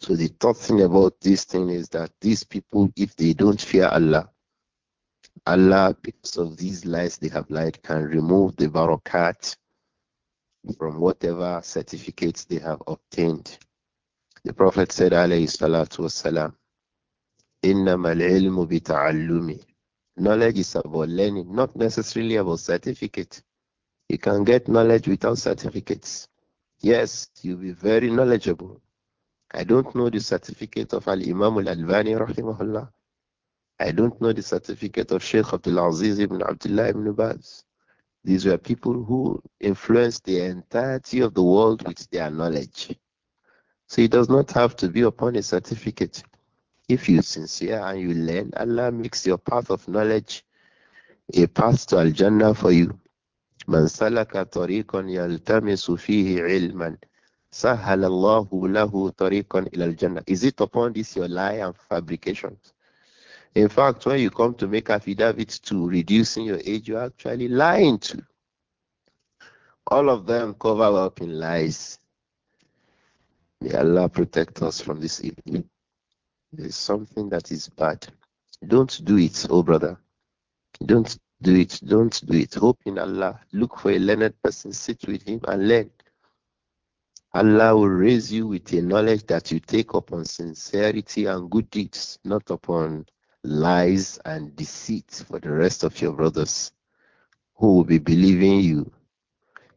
So the tough thing about this thing is that these people, if they don't fear Allah, Allah, because of these lies they have lied, can remove the barakat from whatever certificates they have obtained the Prophet said, alayhi salatu wasalam, Innama al-ilmu Knowledge is about learning, not necessarily about certificate. You can get knowledge without certificates. Yes, you'll be very knowledgeable. I don't know the certificate of Al Imam Al Albani, rahimahullah. I don't know the certificate of Sheikh Abdul Aziz ibn Abdullah ibn Baz. These were people who influenced the entirety of the world with their knowledge. So it does not have to be upon a certificate. If you sincere and you learn, Allah makes your path of knowledge a path to Al Jannah for you. من سلك طريقا يلتمس فيه علما سهل الله له طريقا إلى الجنة Is it upon this your lie and fabrications? In fact, when you come to make affidavit to reducing your age, you're actually lying to. All of them cover up in lies. May Allah protect us from this evil. It's something that is bad. Don't do it, oh brother. Don't do it. Don't do it. Hope in Allah. Look for a learned person, sit with him and learn. Allah will raise you with a knowledge that you take upon sincerity and good deeds, not upon lies and deceit for the rest of your brothers who will be believing you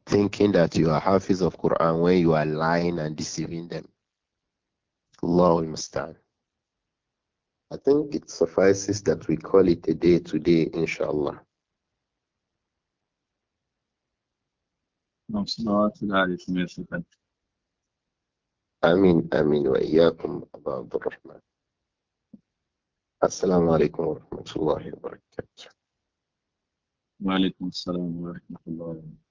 thinking that you are Hafiz of Quran when you are lying and deceiving them. Allah understand. I think it suffices that we call it a day today, inshallah. آمين آمين وإياكم أبا عبد wa السلام عليكم ورحمة الله وبركاته وعليكم Wa ورحمة الله وبركاته